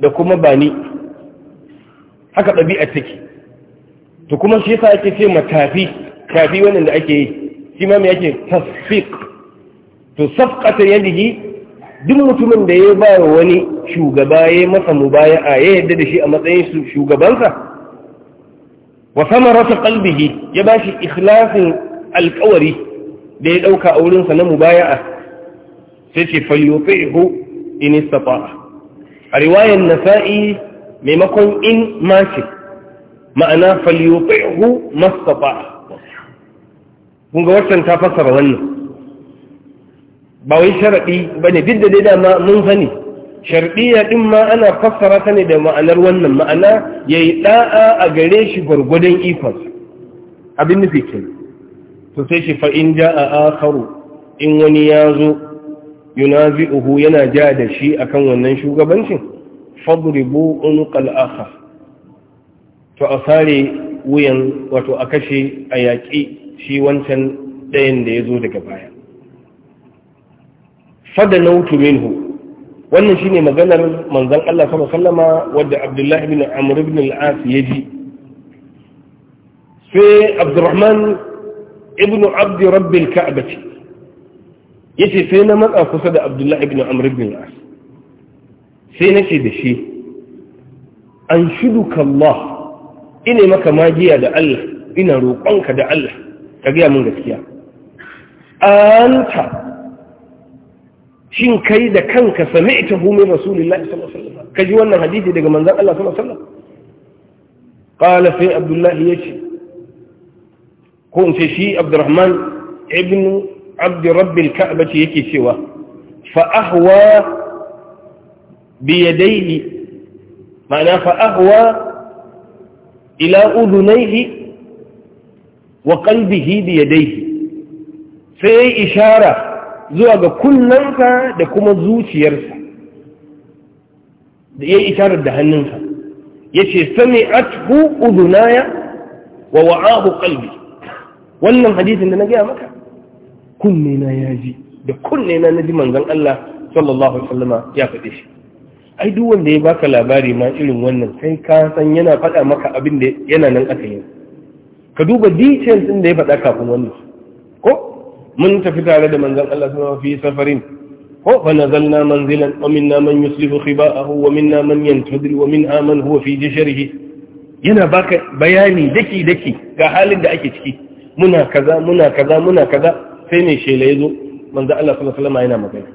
da kuma ba ni. haka ɗabi'a take to kuma shi sa ake ce ma tafi tafi wannan da ake yi shi ma me yake tasfiq to safqatan yadihi duk mutumin da ya ba wani shugaba ya masa mubaya'a ya yadda da shi a matsayin shugabansa wa sama rasa kalbihi ya ba shi ikhlasin alkawari da ya ɗauka a wurinsa na a sai ce ihu in istata'a a riwayar nasa'i maimakon in ma ce ma'ana ihu mastata'a kun ga waccan ta fasara wannan ba wai sharaɗi ba ne duk da dai dama mun sani sharɗiya ɗin ma ana fassara ta ne da ma'anar wannan ma'ana ya yi ɗa'a a gare shi gwargwadon ikonsa abin nufi ke to sai shi fa'in ja a akaru in wani ya zo yunazi uhu yana ja da shi akan wannan shugabancin fadribu unuqal akhar to a sare wuyan wato a kashe a yaƙi shi wancan ɗayan da ya zo daga baya fada na wutu minhu wannan shine maganar manzon Allah sallallahu alaihi wadda Abdullahi ibn Amr ibn al-As ya ji sai Abdurrahman ibn Abd Rabb al-Ka'bah yace sai na matsa kusa da Abdullahi ibn Amr ibn al-As sai nace da shi an shuduka Allah ina maka magiya da Allah ina roƙonka da Allah ka gaya min gaskiya anta shin kai da kanka sami'ta hu min rasulillahi sallallahu alaihi wasallam kaji wannan hadisi daga manzon Allah sallallahu alaihi wasallam qala sai abdullahi yace ko in ce shi abdurrahman ibn abd rabb al yake cewa fa ahwa bi yadayhi ma'ana fa ahwa ila udunayhi wa qalbihi bi yadayhi sai ishara zuwa ga kunnansa da kuma zuciyarsa da ya isharar da hannunsa ya ce sami athu udunaya wa wa'ahu kalbi. wannan hadisin da na gaya maka kunne na ya ji da kunne na naji manzon Allah sallallahu alaihi ya faɗe shi ai duk wanda ya baka labari ma irin wannan sai ka san yana faɗa maka abin da yana nan aka yi ka duba details din da ya faɗa kafin wannan ko mun tafi tare da manzon Allah sallallahu alaihi fi safarin ko fa nazalna manzilan wa minna man yuslihu khiba'ahu wa minna man yantadri wa minna man huwa fi jashrihi yana baka bayani daki daki ga halin da ake ciki muna kaza muna kaza muna kaza sai mai shela yazo manzon Allah sallallahu alaihi wasallam yana magana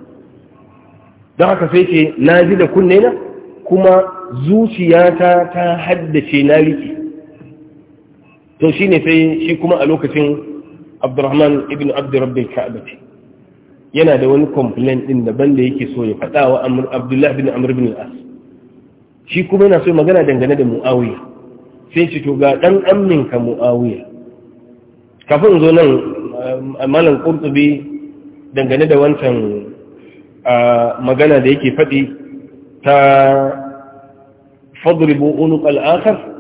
don haka sai ce na ji da kunne na kuma zuciyata ta haddace na riki. to shine sai shi kuma a lokacin abdurrahman ibn abd rabbil yana da wani complaint din daban da yake so ya faɗa wa abdullah bin amr bin al-as shi kuma yana so magana dangane da muawiya sai shi to ga dan amnin ka muawiya kafin zo nan um, malam qurtubi dangane da wancan uh, magana da yake faɗi ta fadribu unuq al-akhar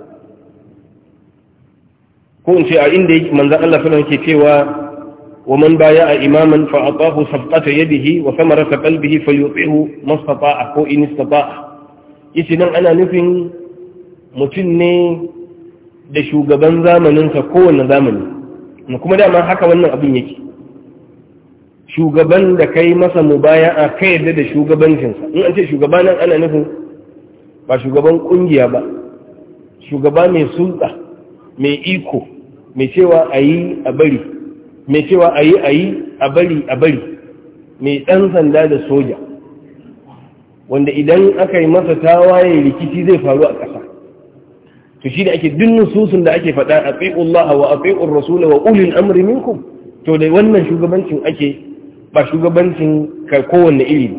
ko in ce a inda manzan Allah sallallahu alaihi cewa atahu بايع yadihi wa صفقة qalbihi fa قلبه mastata'a ko in istata'a yace nan ana nufin mutum ne da shugaban zamaninsa kowane zamani na kuma dama haka wannan abin yake shugaban da kai masa mubaya a kai yadda da shugabancinsa in an ce shugaba nan ana nufin ba shugaban kungiya ba shugaba mai sulta mai iko mai cewa a yi a bari mai cewa a yi a yi a bari a bari mai ɗan sanda da soja wanda idan aka yi masa tawaye rikici zai faru a ƙasa to shi da ake dunnin susun da ake faɗa a Allah wa a tsaikun rasula wa ulin amri minkum to da wannan shugabancin ake ba shugabancin kowanne iri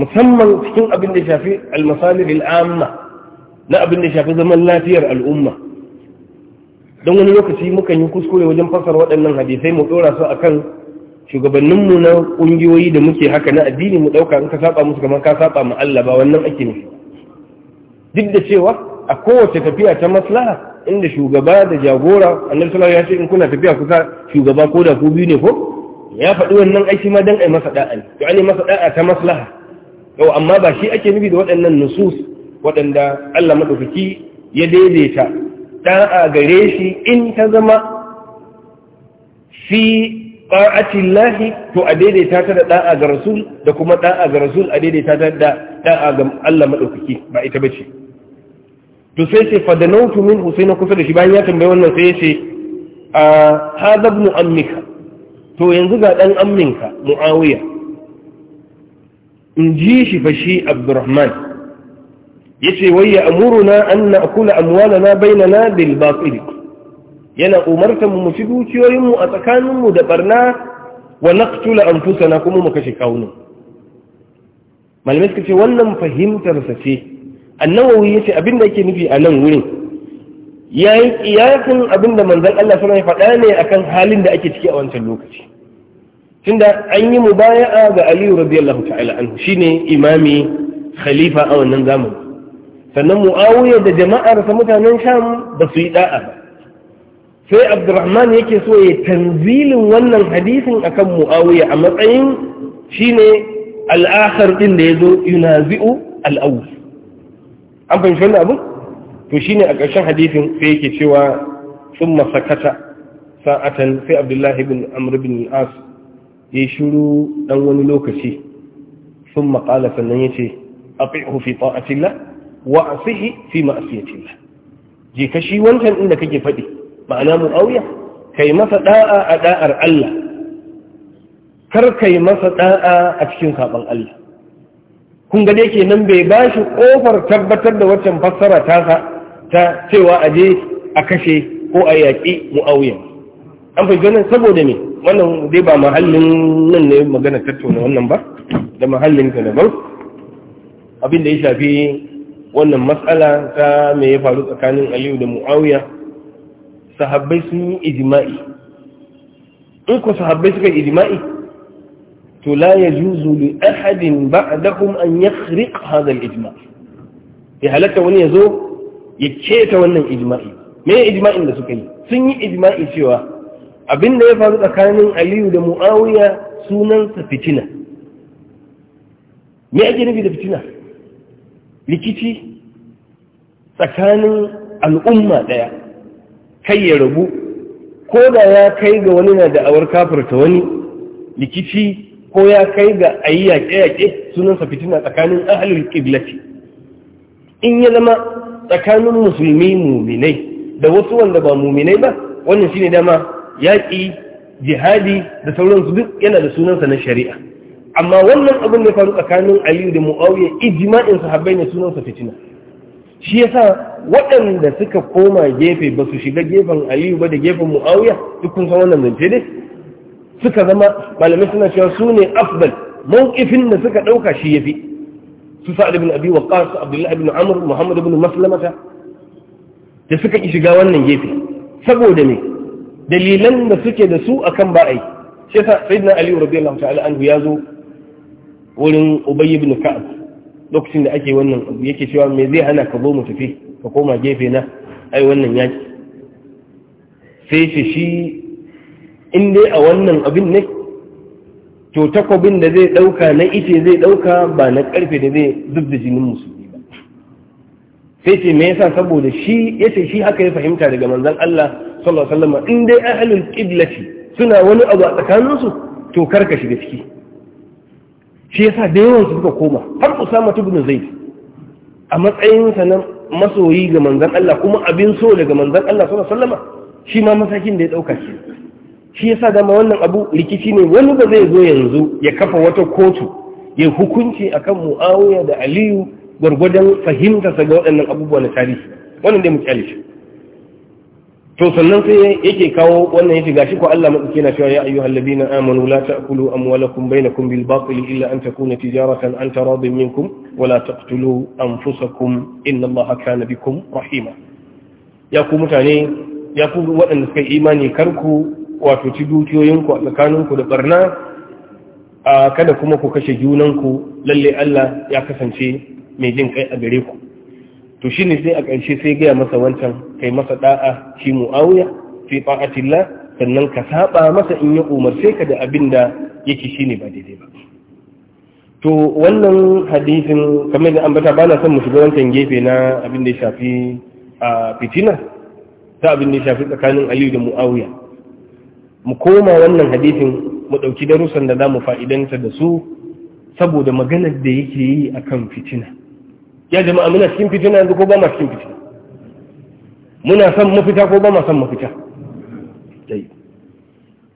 musamman cikin abin da shafi almasalir al'amma na abin da shafi zaman lafiyar al'umma don wani lokaci muka yi kuskure wajen fasar waɗannan hadisai mu ɗora su akan shugabanninmu na ƙungiyoyi da muke haka na addini mu ɗauka in ka saba musu kamar ka saba ma Allah ba wannan ake nufi duk da cewa a kowace tafiya ta maslaha inda shugaba da jagora annabi sallallahu ya ce in kuna tafiya kusa shugaba ko da ku biyu ne ko ya faɗi wannan aiki ma dan ai masa da'a to ai masa da'a ta maslaha yau amma ba shi ake nufi da waɗannan nusus waɗanda Allah madaukaki ya daidaita a gare shi in ta zama fi ƙa'acin lahi to a daidaita ta da da'a ga rasul da kuma da'a ga rasul a daidaita ta da da'a ga Allah maɗaukaki ba ita ba ce to sai ce fadanautu min husaina kusa da shi bayan ya tambaye wannan sai ya ce a hadab ammika to yanzu ga ɗan amminka mu'awiya in ji shi fashi abdurrahman yace wai ya amuruna an na'kula amwalana bainana bil batil yana umartan mu ci dukiyoyin mu a tsakanin mu da barna wa naqtula anfusana kuma mu kashe kawunan malamai suka ce wannan fahimtar sa ce annawawi yace abin da yake nufi a nan wurin yayi iyakin abin da manzon Allah sallallahu alaihi wasallam ya faɗa ne akan halin da ake ciki a wancan lokaci tunda an yi mubaya'a ga Aliyu radiyallahu ta'ala anhu shine imami khalifa a wannan zamani sannan mu'awiya da jama'arsa mutanen sham ba su yi da'a ba sai abdurrahman yake so ya tanzilin wannan hadisin akan mu'awiya a matsayin shine al'akhar din da yazo yunazi'u al'awwal an fahimci wannan abu to shine a ƙarshen hadisin sai yake cewa thumma sakata sa'atan sai abdullahi ibn amr ibn al-as ya shiru dan wani lokaci thumma qala sannan yace ati'hu fi ta'atillah wa asihi fi ma'asiyatillah je ka shi wancan inda kake faɗi ma'ana mu auya? kai masa da'a a da'ar Allah kar kai masa da'a a cikin saban Allah kun ga yake nan bai bashi kofar tabbatar da waccan fassara tasa ta cewa a je a kashe ko a yaƙi mu'awiya an fi ganin saboda me wannan dai ba mahallin nan ne magana tattauna wannan ba da mahallin ka daban abin da ya shafi wannan matsala ta me ya faru tsakanin aliyu da mu'awiya sahabbai sun yi ijima'i in ku sahabbai suka yi ijima'i to la ya juzu li ahadin ba'dakum an yakhriq hadha al-ijma' ya halatta wani ya zo ya keta wannan ijma'i me ijma'in da suka yi sun yi ijma'i cewa abin da ya faru tsakanin aliyu da mu'awiya sunansa fitina me ake nufi da fitina rikici tsakanin al'umma ɗaya kai ya rabu ko da ya kai ga wani na da'awar kafarta wani rikici ko ya kai ga a yi yaƙe-yaƙe sunansa fitina tsakanin ahalin ƙiblati in ya zama tsakanin musulmi muminai da wasu wanda ba muminai ba wannan shine dama yaƙi jihadi da sauransu duk yana da sunansa na shari'a amma wannan abin da faru tsakanin aliyu da mu'awiya ijma'in sahabbai ne sunansa fitina shi yasa waɗanda suka koma gefe ba su shiga gefen aliyu ba da gefen mu'awiya duk kun san wannan zance dai suka zama malamai suna cewa su ne afdal mawqifin da suka ɗauka shi yafi su sa'ad ibn abi waqas abdullahi ibn amr muhammad ibn maslamata da suka ki shiga wannan gefe saboda me dalilan da suke da su akan ba'ai shi yasa sayyidina ali radiyallahu ta'ala anhu ya zo wurin ubayi ibn ka'ab lokacin da ake wannan abu yake cewa me zai hana ka zo mu tafi ka koma gefe na ai wannan yaki sai ce shi in dai a wannan abin ne to takobin da zai dauka na ice zai dauka ba na karfe da zai zubda jinin musulmi ba sai ce me yasa saboda shi yace shi haka ya fahimta daga manzon Allah sallallahu alaihi wasallam in dai ahlul qiblati suna wani abu a tsakaninsu to karka shiga ciki shi yasa da yawan su suka koma har usama ibn zaid a matsayinsa na masoyi ga manzon Allah kuma abin so daga manzon Allah sallallahu alaihi shi ma matakin da ya ɗauka shi shi yasa dama wannan abu rikici ne wani ba zai zo yanzu ya kafa wata kotu ya hukunci akan Muawiya da Aliyu gwargwadon fahimtarsa ga waɗannan abubuwa na tarihi wannan dai mu kyale shi to sannan sai yake kawo wannan yace gashi ko Allah madauki na cewa ya ayyuhal ladina amanu la ta'kulu amwalakum bainakum bil batil illa an takuna tijaratan an taradin minkum wa la taqtulu anfusakum inna Allaha kana bikum rahima ya ku mutane ya ku waɗanda suka imani karku wato ci a tsakaninku da barna a kada kuma ku kashe junanku lalle Allah ya kasance mai jin kai a gare ku to shi ne sai a ƙarshe sai gaya masa wancan kai masa da'a shi mu'awiya fi ta'atillah sannan ka saba masa in ya umarce ka da abin da yake shine ba daidai ba to wannan hadisin kamar da ambata bana son mu shiga wancan gefe na abin da ya shafi a fitina ta abin da ya shafi tsakanin Aliyu da Muawiya mu koma wannan hadisin mu ɗauki darussan da za mu fa'idanta da su saboda maganar da yake yi akan kan fitina ya jama'a muna cikin fitina yanzu ko ba ma cikin fitina muna son mafita ko ba ma son mafita dai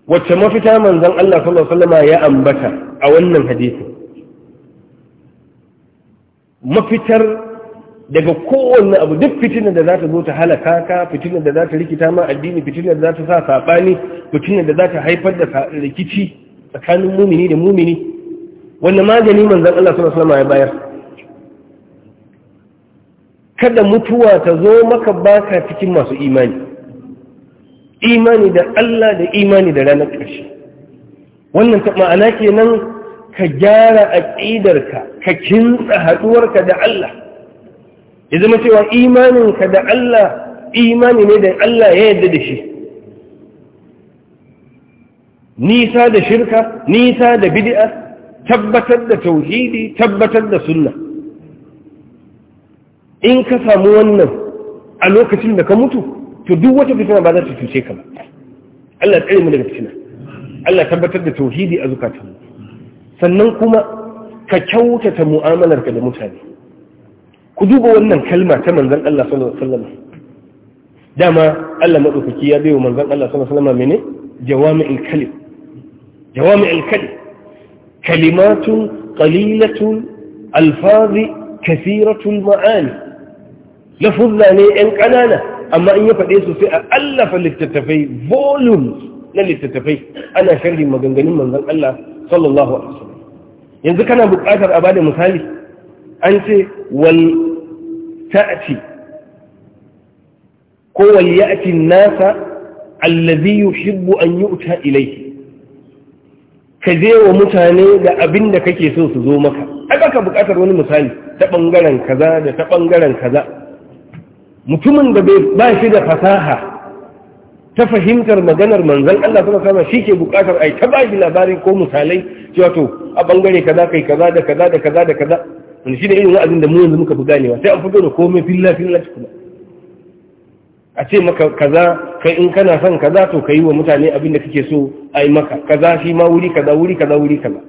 wacce mafita manzon Allah sallallahu alaihi wasallam ya ambata a wannan hadisi mafitar daga kowanne abu duk fitinar da za ta zo ta halaka ka fitinar da za ta rikita ma addini fitinar da za ta sa saɓani fitinar da za ta haifar da rikici tsakanin mumini da mumini wanda magani manzan Allah sallallahu alaihi wasallam ya bayar kada mutuwa ta zo maka baka cikin masu imani imani da Allah da imani da ranar ƙarshe wannan ma'ana kenan ka gyara aƙidarka ka kintsa haɗuwarka da Allah ya zama cewa imaninka da Allah imani ne da Allah ya yadda da shi nisa da shirka nisa da bid'a tabbatar da tauhidi tabbatar da sunna in ka samu wannan a lokacin da ka mutu to duk wata fitina ba za ta cuce ka ba Allah tsare mu daga fitina Allah tabbatar da tauhidi a zukatan sannan kuma ka kyautata mu'amalar ka da mutane ku duba wannan kalma ta manzon Allah sallallahu alaihi wasallam dama Allah madaukaki ya bayo manzon Allah sallallahu alaihi wasallam mene jawami'ul kalim jawami'ul kalim kalimatun qalilatun alfazi kathiratun ma'ani lafuzza ne yan ƙanana amma in ya faɗe su sai a allafa littattafai volumes na littattafai ana sharri maganganun manzon Allah sallallahu alaihi wasallam yanzu kana buƙatar a bada misali an ce wal ta'ati ko wal ya'ti nasa allazi yuhibbu an yu'ta ilayhi ka je wa mutane da abin da kake so su zo maka aka buƙatar wani misali ta bangaren kaza da ta bangaren kaza mutumin da ba shi da fasaha ta fahimtar maganar manzan Allah suna kama shi ke bukatar yi ta bashi labarin ko misalai cewa to a bangare kaza kai kaza da kaza da kaza da kaza wanda shi da irin wa'azin da mu yanzu muka fi ganewa sai an fito da komai filla filla kuma a ce maka kaza kai in kana son kaza to ka yi wa mutane abin da kake so a yi maka kaza shi ma wuri kaza wuri kaza wuri kaza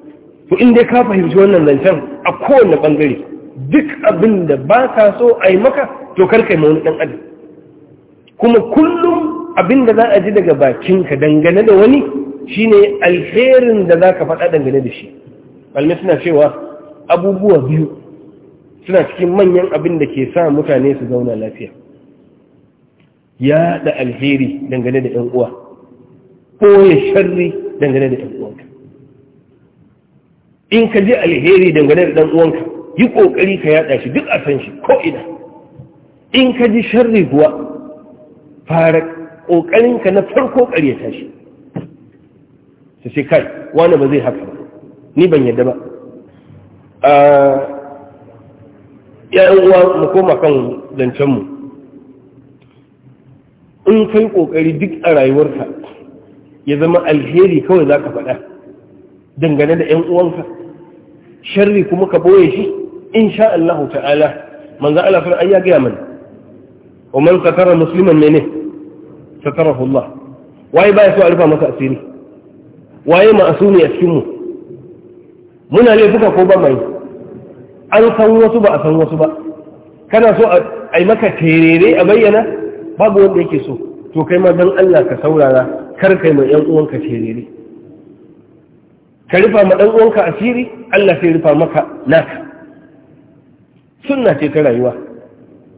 to in dai ka fahimci wannan zancen a kowane bangare duk abin da ba ka so yi maka to kar kai ma wani dan adam kuma kullum abin da za a ji daga bakinka dangane da wani shine alherin da za ka faɗa dangane da shi malamai suna cewa abubuwa biyu suna cikin manyan abin da ke sa mutane su zauna lafiya ya da alheri dangane da uwa ko ya sharri dangane da ɗan'uwanka. in ka ji alheri dangane da ɗan uwanka yi ƙoƙari ka yaɗa shi duk a san shi ko ina in ka ji sharri kuwa fara ƙoƙarinka na farko ƙaryata shi su ce kai wani ba zai haka ba ni ban yadda ba ‘ya'yan uwa mu koma kan zancenmu in kai ƙoƙari duk a rayuwarka ya zama alheri kawai za ka faɗa dangane da ‘yan uwanka sharri kuma ka boye shi in sha Allah ta'ala manzan alafin ayya gaya mana wa man satara musliman mene satarahu Allah waye baya so a rufa masa asiri waye ma'asumi a cikin mu muna laifuka ko ba mai an san wasu ba a san wasu ba kana so a yi maka terere a bayyana babu wanda yake so to kai ma dan Allah ka saurara kar kai mai yan uwanka terere ka rufa ma dan uwanka asiri Allah sai rufa maka naka sunna ce ta rayuwa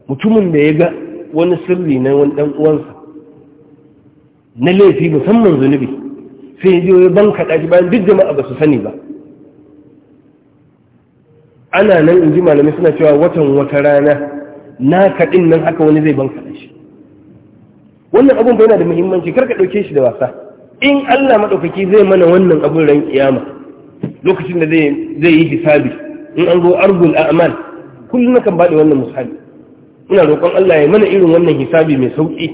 mutumin da ya ga wani sirri na wani dan uwansa na laifi musamman zunubi sai ya je ban banka bayan duk jama'a ba su sani ba ana nan in ji malamai suna cewa watan wata rana na kaɗin nan haka wani zai banka shi wannan abun bai na da muhimmanci karka ɗauke shi da wasa in Allah maɗaukaki zai mana wannan abun ran kiyama lokacin da zai yi hisabi in an zo argul a'mal kullum nakan bada wannan misali ina roƙon Allah ya mana irin wannan hisabi mai sauƙi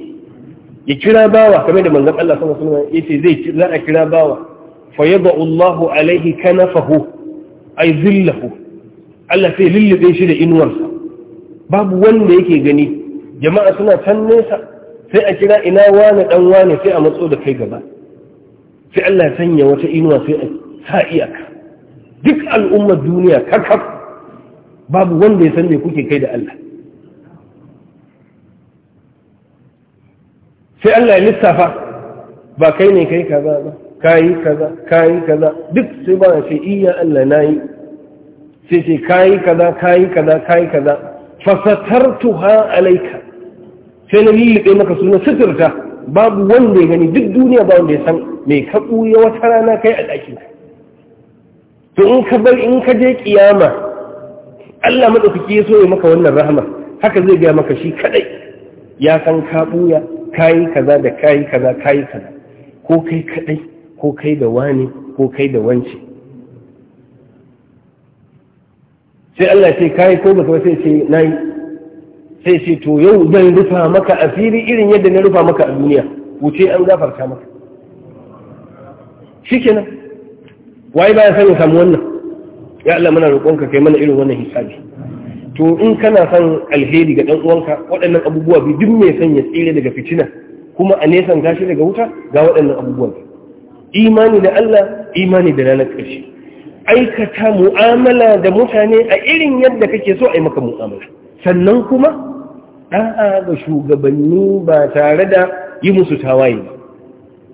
ya kira bawa kamar da manzon Allah sallallahu alaihi wasallam yace zai za a kira bawa fa yad'u Allahu alaihi kanafahu ay zillahu Allah sai lullube shi da inuwarsa babu wanda yake gani jama'a suna can nesa sai a kira ina wani dan wani sai a matso da kai gaba sai Allah sanya wata inuwa sai a sa iyaka duk al'ummar duniya kakaf babu wanda ya san me kuke kai da Allah sai Allah ya lissafa ba kai ne kai kaza ba kayi kaza kayi kaza duk sai ba sai iya Allah nayi sai ce kayi kaza kayi kaza kayi kaza fasatartuha alayka sai na lillibe maka sunan sitirta babu wanda ya gani duk duniya ba wanda ya san me ka buya wata rana kai a dakin to in ka bar in ka je kiyama Allah madaukaki ya so ya maka wannan rahama haka zai ga maka shi kadai ya san ka buya kayi kaza da kayi kaza kayi kaza ko kai kadai ko kai da wani ko kai da wance sai Allah ce kayi ko baka sai ce nayi sai ce to yau zan rufa maka asiri irin yadda na rufa maka a duniya wuce an gafarta maka shikenan waye baya san ya samu wannan ya Allah muna roƙonka kai mana irin wannan hisabi to in kana son alheri ga ɗan uwanka waɗannan abubuwa biyu duk mai son ya tsere daga fitina kuma a nesan gashi daga wuta ga waɗannan abubuwa imani da Allah imani da ranar ƙarshe aikata mu'amala da mutane a irin yadda kake so a yi maka mu'amala sannan kuma ɗa'a ga shugabanni ba tare da yi musu tawaye ba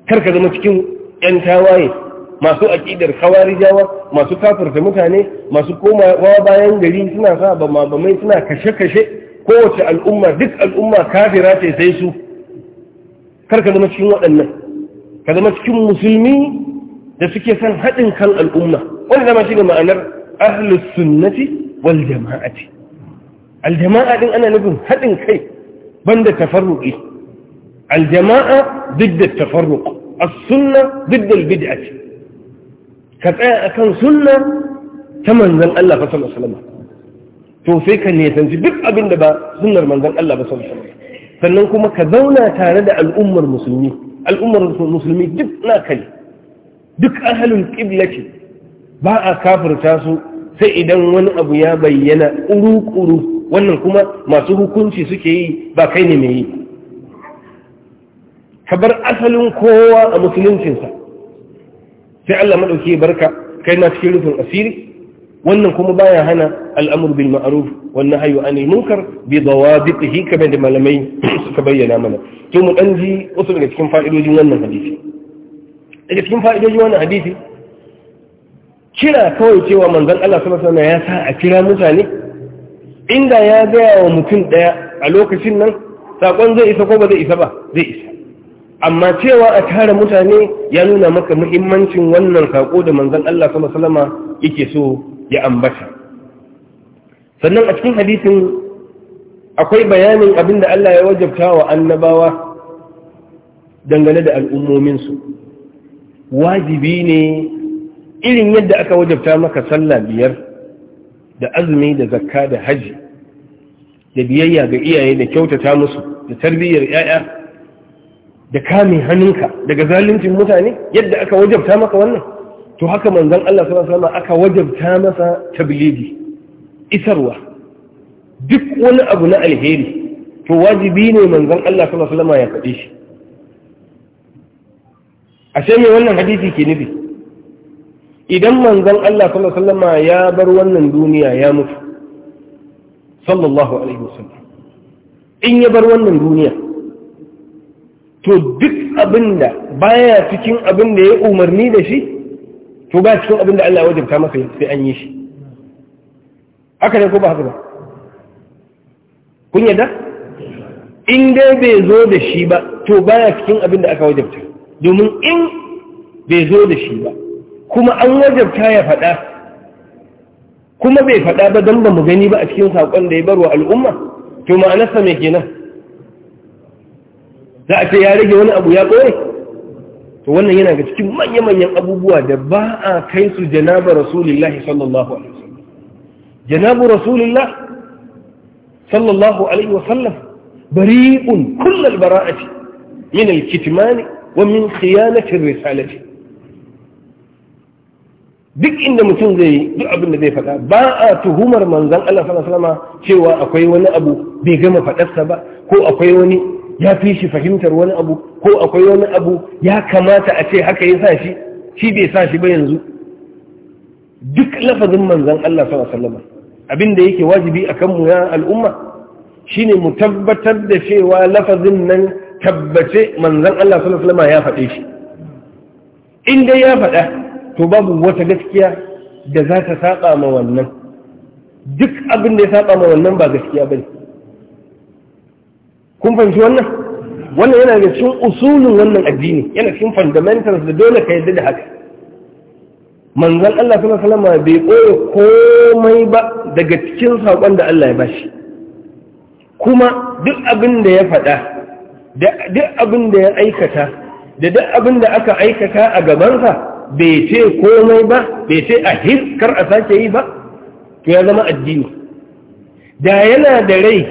kar ka zama cikin 'yan tawaye masu aƙidar khawarijawa masu kafirta mutane masu komawa bayan gari suna sa ba mai suna kashe-kashe kowace al'umma duk al'umma kafira ce sai su kar ka zama cikin waɗannan ka zama cikin musulmi da suke son haɗin kan al'umma wani zama shi ne ma'anar ahlus sunnati wal jama'ati jamaa din ana nufin haɗin kai banda tafarruqi aljama'a duk da tafarruq as-sunna duk da bid'ati ka tsaya akan sunna ta Manzan Allah fa sallallahu to sai ka nisanci duk abin da ba sunar Manzan Allah ba sannan kuma ka zauna tare da al'ummar musulmi al'ummar musulmi duk na kai duk ahalin qibla ce ba a kafirta su sai idan wani abu ya bayyana kuru-kuru wannan kuma masu hukunci suke yi ba kai ne mai yi ka bar asalin kowa a musuluncinsa sai Allah madauki barka kai na cikin rufin asiri wannan kuma baya hana al'amur bil ma'ruf wan nahyu anil munkar bi dawabitihi kamar da malamai [CLEARS THROAT] suka bayyana mana to mu dan ji wasu daga cikin fa'idojin wannan hadisi daga cikin fa'idojin wannan hadisi kira kawai cewa manzon Allah sallallahu alaihi wasallam ya sa a kira mutane inda ya gaya wa mutum daya a lokacin nan sakon zai isa ko ba zai isa ba zai isa amma cewa a tara mutane ya nuna maka muhimmancin wannan sako da manzan Allah sama salama yake so ya ambata sannan a cikin hadisin akwai bayanin abin da Allah ya wajabta wa annabawa dangane da al'ummominsu wajibi ne irin yadda aka wajabta maka sallah biyar da azumi da zakka da haji da biyayya ga iyaye da kyautata musu da tarbiyyar 'ya'ya da kame hannunka daga zaluncin mutane yadda aka wajabta maka wannan to haka manzon Allah sallallahu alaihi aka wajabta masa tabligi isarwa duk wani abu na alheri to wajibi ne manzon Allah sallallahu alaihi ya faɗi shi ashe me wannan hadisi ke nufi idan manzon Allah sallallahu alaihi ya bar wannan duniya ya mutu sallallahu alaihi wasallam in ya bar wannan duniya to duk abin da baya cikin abin da ya umarni da shi to ba cikin abin da Allah wajen wajabta masa sai an yi shi haka ne ko ba haka ba kun yadda in dai bai zo da shi ba to baya cikin abin da aka wajabta domin in bai zo da shi ba kuma an wajabta ya faɗa kuma bai faɗa ba don ba mu gani ba a cikin saƙon da ya barwa al'umma to ma'anarsa mai kenan za a ce ya rage wani abu ya ɓoye to wannan yana ga cikin manya-manyan abubuwa da ba a kai su janaba rasulullah sallallahu alaihi wasallam janabu rasulullah sallallahu alaihi wasallam bari'un kullal bara'ati min al-kitmani wa min khiyanati risalati duk inda mutum zai yi duk abin da zai faɗa ba a tuhumar manzan Allah sallallahu alaihi wasallam cewa akwai wani abu bai gama faɗarsa ba ko akwai wani ya fi shi fahimtar wani abu ko akwai wani abu ya kamata a ce haka ya sa shi shi bai sa shi ba yanzu duk lafazin manzan Allah sallama abin da yake wajibi a kanmu ya al'umma shine mu tabbatar da cewa lafazin nan tabbace manzan Allah sallama ya faɗe shi in dai ya faɗa to babu wata gaskiya da za ta saba ma wannan duk abin da ya saba ma wannan ba gaskiya bane kun fahimci wannan wannan yana da cikin usulin wannan addini yana cikin fundamentals da dole ka yadda da haka manzon Allah sallallahu alaihi wasallam bai koyo komai ba daga cikin sakon da Allah ya bashi kuma duk abin da ya faɗa da duk abin da ya aikata da duk abin da aka aikata a gabansa bai ce komai ba bai ce a hir kar a sake yi ba to ya zama addini da yana da rai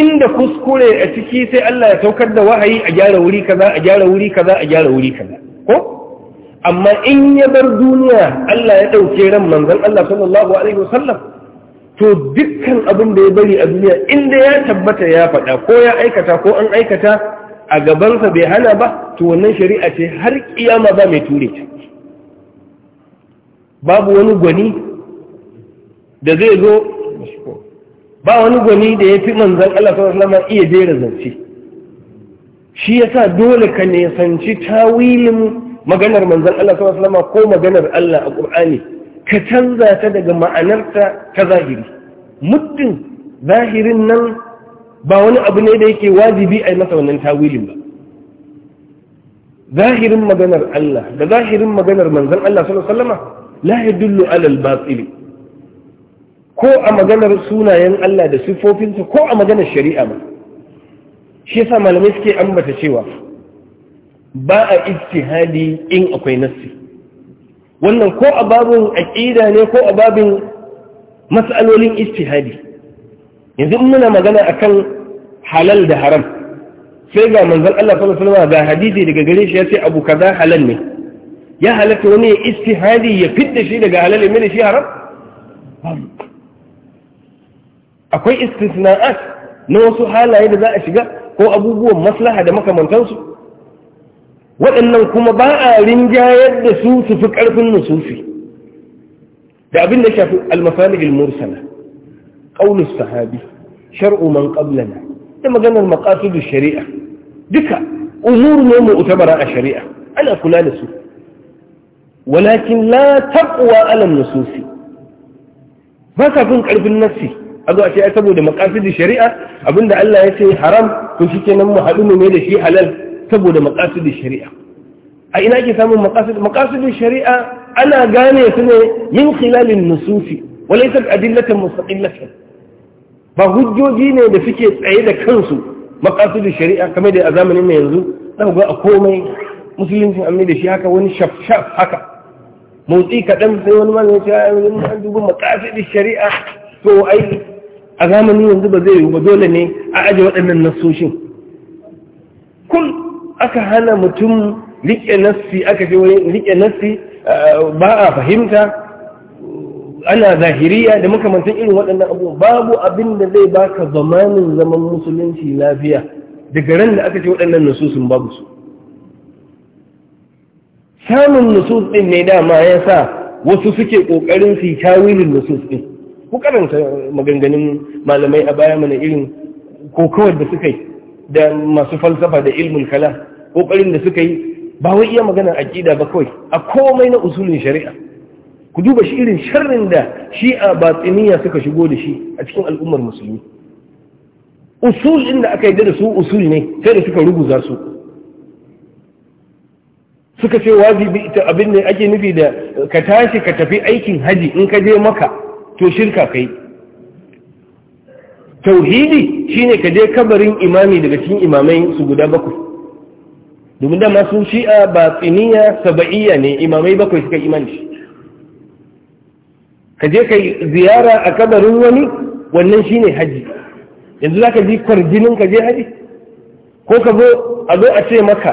inda kuskure a ciki sai Allah ya saukar da wahayi a gyara wuri kaza a gyara wuri kaza a gyara wuri kaza ko amma in ya bar duniya Allah ya dauke ran manzon Allah sallallahu alaihi wasallam to dukkan abin da ya bari a duniya inda ya tabbata ya faɗa ko ya aikata ko an aikata a gabansa bai hana ba to wannan shari'a ce har kiyama ba mai ture ta babu wani gwani da zai zo ba wani gwani da ya fi manzan Allah sallallahu iya jera zance shi yasa dole ka sanci tawilin maganar manzan Allah sallallahu ko maganar Allah a Qur'ani ka canza ta daga ma'anarta ta zahiri muddin zahirin nan ba wani abu ne da yake wajibi a yi masa wannan tawilin ba zahirin maganar Allah da zahirin maganar manzan Allah sallallahu alaihi wasallam la yadullu alal batil ko a maganar sunayen Allah da siffofinsa ko a maganar shari'a ba shi yasa malamai suke ambata cewa ba a ijtihadi in akwai nassi wannan ko a babin aqida ne ko a babin mas'alolin ijtihadi yanzu in muna magana akan halal da haram sai ga manzon Allah sallallahu alaihi wasallam ga hadisi daga gare shi yace abu kaza halal ne ya halatta wani ya ijtihadi ya fidda shi daga halal ne shi haram akwai istisna'at na wasu halaye da za a shiga ko abubuwan maslaha da makamantansu waɗannan kuma ba a rinjayar da su su fi ƙarfin nusufi da abin da shafi almasalihil mursala qaulus sahabi shar'u man qablana da maganar maqasidu shari'a duka umur ne mu'tabara a shari'a ana kula da su walakin la taqwa ala nususi ba sa fin ƙarfin nassi a zuwa ce ai saboda maqasidi shari'a abinda Allah ya ce haram to nan mu haɗu mu mai da shi halal saboda maqasidi shari'a a ina ke samun maqasid maqasidi shari'a ana gane su ne min khilalin nususi wa laysa adillatan mustaqillatan ba hujjoji ne da suke tsaye da kansu maqasidi shari'a kamar da a zamanin na yanzu zaka ga a komai musulunci amma da shi haka wani shaf-shaf haka motsi kaɗan sai wani mana ya ce an dubi makasar shari'a to ai a zamanin yanzu ba zai yi ba dole ne a aje waɗannan nasoshin kun aka hana mutum riƙe nassi aka ce wani riƙe nassi eh, ba a fahimta ana zahiriya da makamantan irin waɗannan abubuwan babu abin da zai baka zamanin zaman musulunci lafiya daga ran da aka ce waɗannan nasusun babu su samun nusus ɗin ne dama ya sa wasu suke ƙoƙarin su yi tawilin nusus ɗin ku karanta maganganun malamai a baya mana irin kokowar da suka yi da masu falsafa da ilmin kala, kokarin da suka yi ba wai iya maganar aqida ba kawai a komai na usulin shari'a ku duba shi irin sharrin da shi'a batiniya suka shigo da shi a cikin al'ummar musulmi Usulin da aka yi da su usuli ne sai da suka ruguza su suka ce wajibi ita abin ne ake nufi da ka tashi ka tafi aikin haji in ka je maka to shirka kai tauhidi shine ka je kabarin imami daga cikin imamai su guda bakwai domin da masu shi'a ba tsiniya saba'iyya ne imamai bakwai suka imanci ka je ka ziyara a kabarin wani wannan shine haji yanzu za ka ji kwarjinin ka je haji ko ka zo a zo a ce maka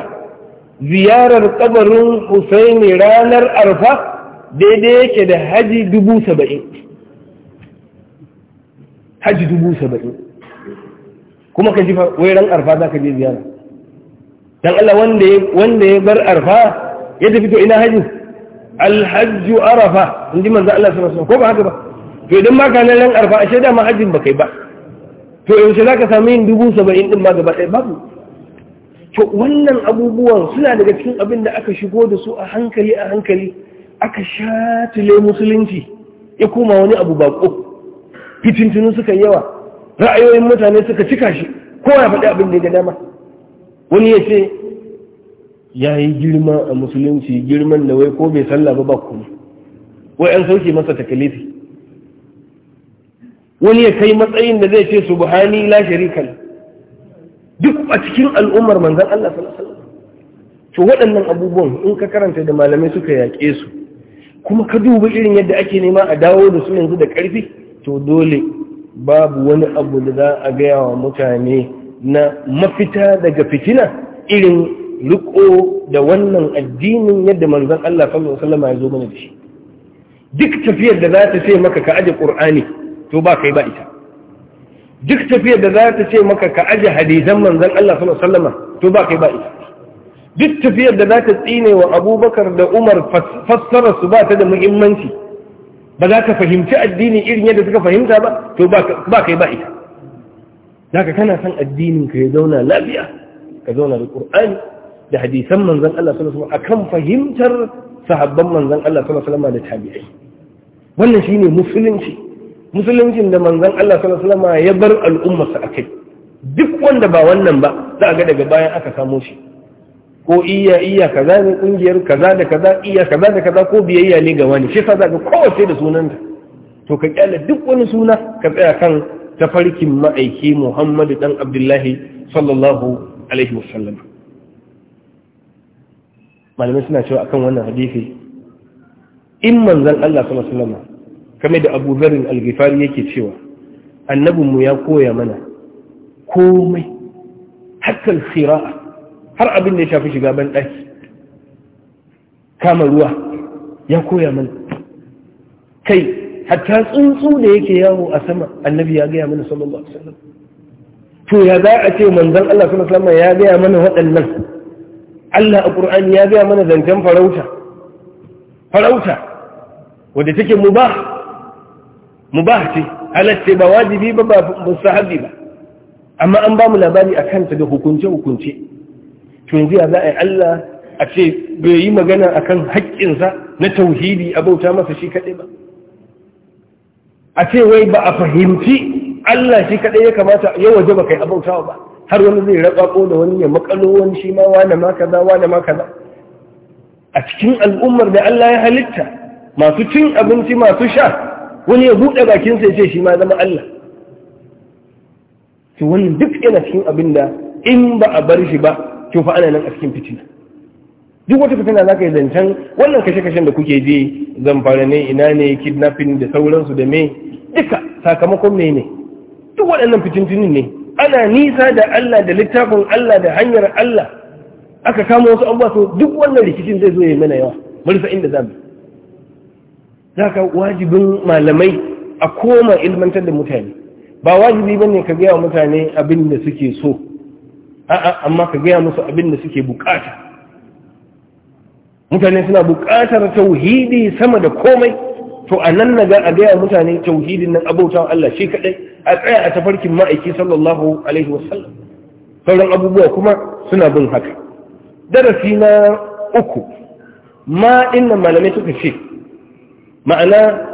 ziyarar kabarin husaini ranar arfa daidai yake da haji dubu saba'in hajji dubu saba'in kuma ka ji wai ran arfa za ka je ziyara dan Allah wanda ya bar arfa ya tafi to ina hajji alhajju arafa in ji manzo Allah sallallahu alaihi ko ba haka ba to idan ma ka nan ran arfa ashe da ma hajjin ba kai ba to yaushe za ka sami yin dubu saba'in din ma gaba ɗaya babu to wannan abubuwan suna daga cikin abin da aka shigo da su a hankali a hankali aka shatule musulunci ya koma wani abu baƙo fitintunu suka yawa ra'ayoyin mutane suka cika shi ko ya faɗi abin da ya dama wani ya ce ya yi girma a musulunci girman da wai ko bai sallah ba ba kuma wai an sauke masa takalifi wani ya kai matsayin da zai ce subhani la sharika duk a cikin al'ummar manzon Allah sallallahu alaihi wasallam to waɗannan abubuwan in ka karanta da malamai suka yaƙe su kuma ka duba irin yadda ake nema a dawo da su yanzu da ƙarfi to dole babu wani abu da za a gaya wa mutane na mafita daga fitina irin riko da wannan addinin yadda manzon Allah sallallahu alaihi wasallam ya zo mana da duk tafiyar da za ta ce maka ka aje qur'ani to ba kai ba ita duk tafiyar da za ta ce maka ka aje hadisan manzan Allah sallallahu alaihi wasallam to ba kai ba ita duk tafiyar da za ta tsine wa Abubakar da Umar fassara su ba ta da muhimmanci ba za ka fahimci addini irin yadda suka fahimta ba to ba kai ba ita za ka kana son addinin ka ya zauna lafiya ka zauna da ƙur'ani da hadisan manzan Allah sallallahu alaihi akan fahimtar sahabban manzan Allah sallallahu alaihi da tabi'ai wannan shine musulunci musuluncin da manzan Allah sallallahu alaihi ya bar al'ummarsa akai duk wanda ba wannan ba za a ga daga bayan aka samo shi ko iya iya kaza ne kungiyar kaza da kaza iya kaza da kaza ko biyayya ne ga wani shi kaza ga kowace da sunanta to ka kyale duk wani suna ka tsaya kan tafarkin ma'aiki Muhammadu dan Abdullahi sallallahu alaihi wasallam malamai suna cewa akan wannan hadisi in manzon Allah sallallahu alaihi wasallam kame da Abu Dharr al-Ghifari yake cewa annabinmu ya koya mana komai hatta al har abin da ya shafi shiga ban ɗaki kama ruwa ya koya mana kai hatta tsuntsu da yake yawo a sama annabi ya gaya mana sallallahu alaihi wasallam to ya za a ce manzon Allah sallallahu alaihi wasallam ya gaya mana waɗannan Allah a Qur'ani ya gaya mana zancen farauta farauta wanda take mubah mubah ce halatta ba wajibi ba ba mustahabi ba amma an ba mu labari akan ta da hukunce hukunce to za a yi Allah a ce bai yi magana akan haƙƙinsa na tauhidi a bauta masa shi kaɗai ba a ce wai ba a fahimci Allah shi kaɗai ya kamata ya waje ba kai a bauta ba har wani zai raɓaɓo da wani ya makalo wani shi ma wane ma kaza wane ma kaza a cikin al'ummar da Allah ya halitta masu cin abinci masu sha wani ya buɗe bakinsa ya ce shi ma zama Allah to wannan duk yana cikin abin da in ba a bar shi ba kin fa ana nan a cikin fitina duk wata fitina za ka yi zancen wannan kashe-kashen da kuke ji zamfara ne ina ne kidnapping da sauransu da me duka sakamakon me ne duk waɗannan fitintunin ne ana nisa da Allah da littafin Allah da hanyar Allah aka kama wasu abubuwa so duk wannan rikicin zai zo ya mana yawa marisa inda zamu za ka wajibin malamai a koma ilmantar da mutane ba wajibi bane ka gaya wa mutane abin da suke so a'a amma ka gaya musu abin da suke bukata mutane suna bukatar tauhidi sama da komai to a nan na ga a gaya mutane tauhidin nan abautan Allah shi kadai a tsaya a tafarkin ma'aiki sallallahu alaihi wasallam sauran abubuwa kuma suna bin haka darasi na uku ma inna malamai suka ce ma'ana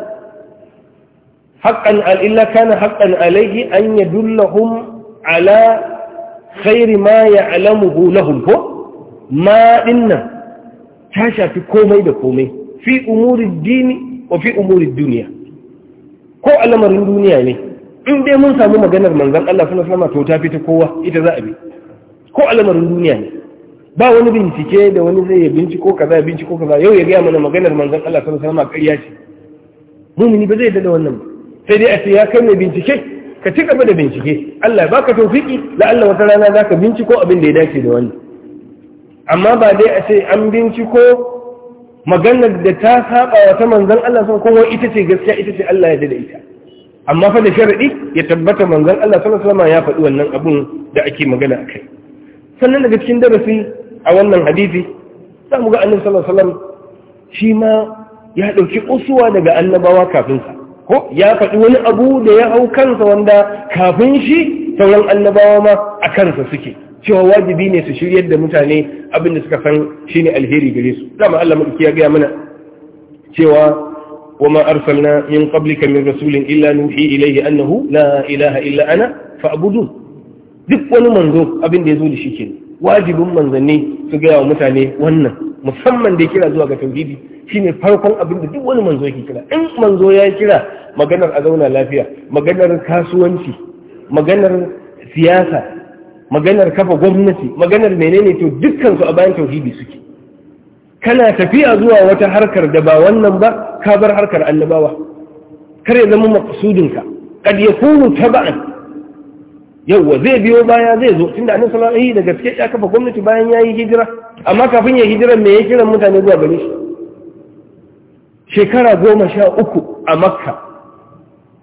haƙƙan al'illa kana haƙƙan alaihi an yadulluhum ala khairi ma ya ya'lamuhu lahum ko ma dinnan ta shafi komai da komai fi umurin dini wa fi umurin duniya ko al'amarin duniya ne in dai mun samu maganar manzan, Allah sallallahu alaihi to ta fita kowa ita za a bi ko al'amarin duniya ne ba wani bincike da wani zai ya binciko kaza binciko kaza yau ya gaya mana maganar manzan Allah sallallahu alaihi wasallam ƙarya ce mumini ba zai da wannan ba. sai dai a ce ya kai mai bincike ka ci gaba da bincike Allah baka tawfiki la Allah wata rana zaka binciko abin da ya dace da wani amma ba dai a ce an binciko maganar da ta saba wa ta manzon Allah sun kuma ita ce gaskiya ita ce Allah ya da ita amma fa da sharadi ya tabbata manzon Allah sallallahu alaihi wasallam ya faɗi wannan abun da ake magana akai sannan daga cikin darasi a wannan hadisi za mu ga annabi sallallahu alaihi wasallam shi ma ya dauki usuwa daga annabawa kafin sa ko ya faɗi wani abu da ya hau kansa wanda kafin shi sauran annabawa ma a kansa suke cewa wajibi ne su shiryar da mutane abin da suka san shine alheri gare su dama Allah madauki ya gaya mana cewa wa ma arsalna min qablika min rasulin illa nuhi ilayhi annahu la ilaha illa ana fa'budun duk wani manzo abin da yazo da shi kenan wajibin manzanni su gaya wa mutane wannan musamman da ya kira zuwa ga tauhidi shine farkon abin da duk wani manzo yake kira in manzo ya kira maganar a zauna lafiya maganar kasuwanci maganar siyasa maganar kafa gwamnati maganar menene to dukkan su a bayan tauhidi suke kana tafiya zuwa wata harkar da ba wannan ba ka bar harkar annabawa kar ya zama maqsudinka kad yakunu taba'an yauwa zai biyo baya zai zo tunda annabi sallallahu alaihi da gaske ya kafa gwamnati bayan yayi hijira amma kafin ya hijira me ya kiran mutane zuwa gare shi shekara goma sha uku a makka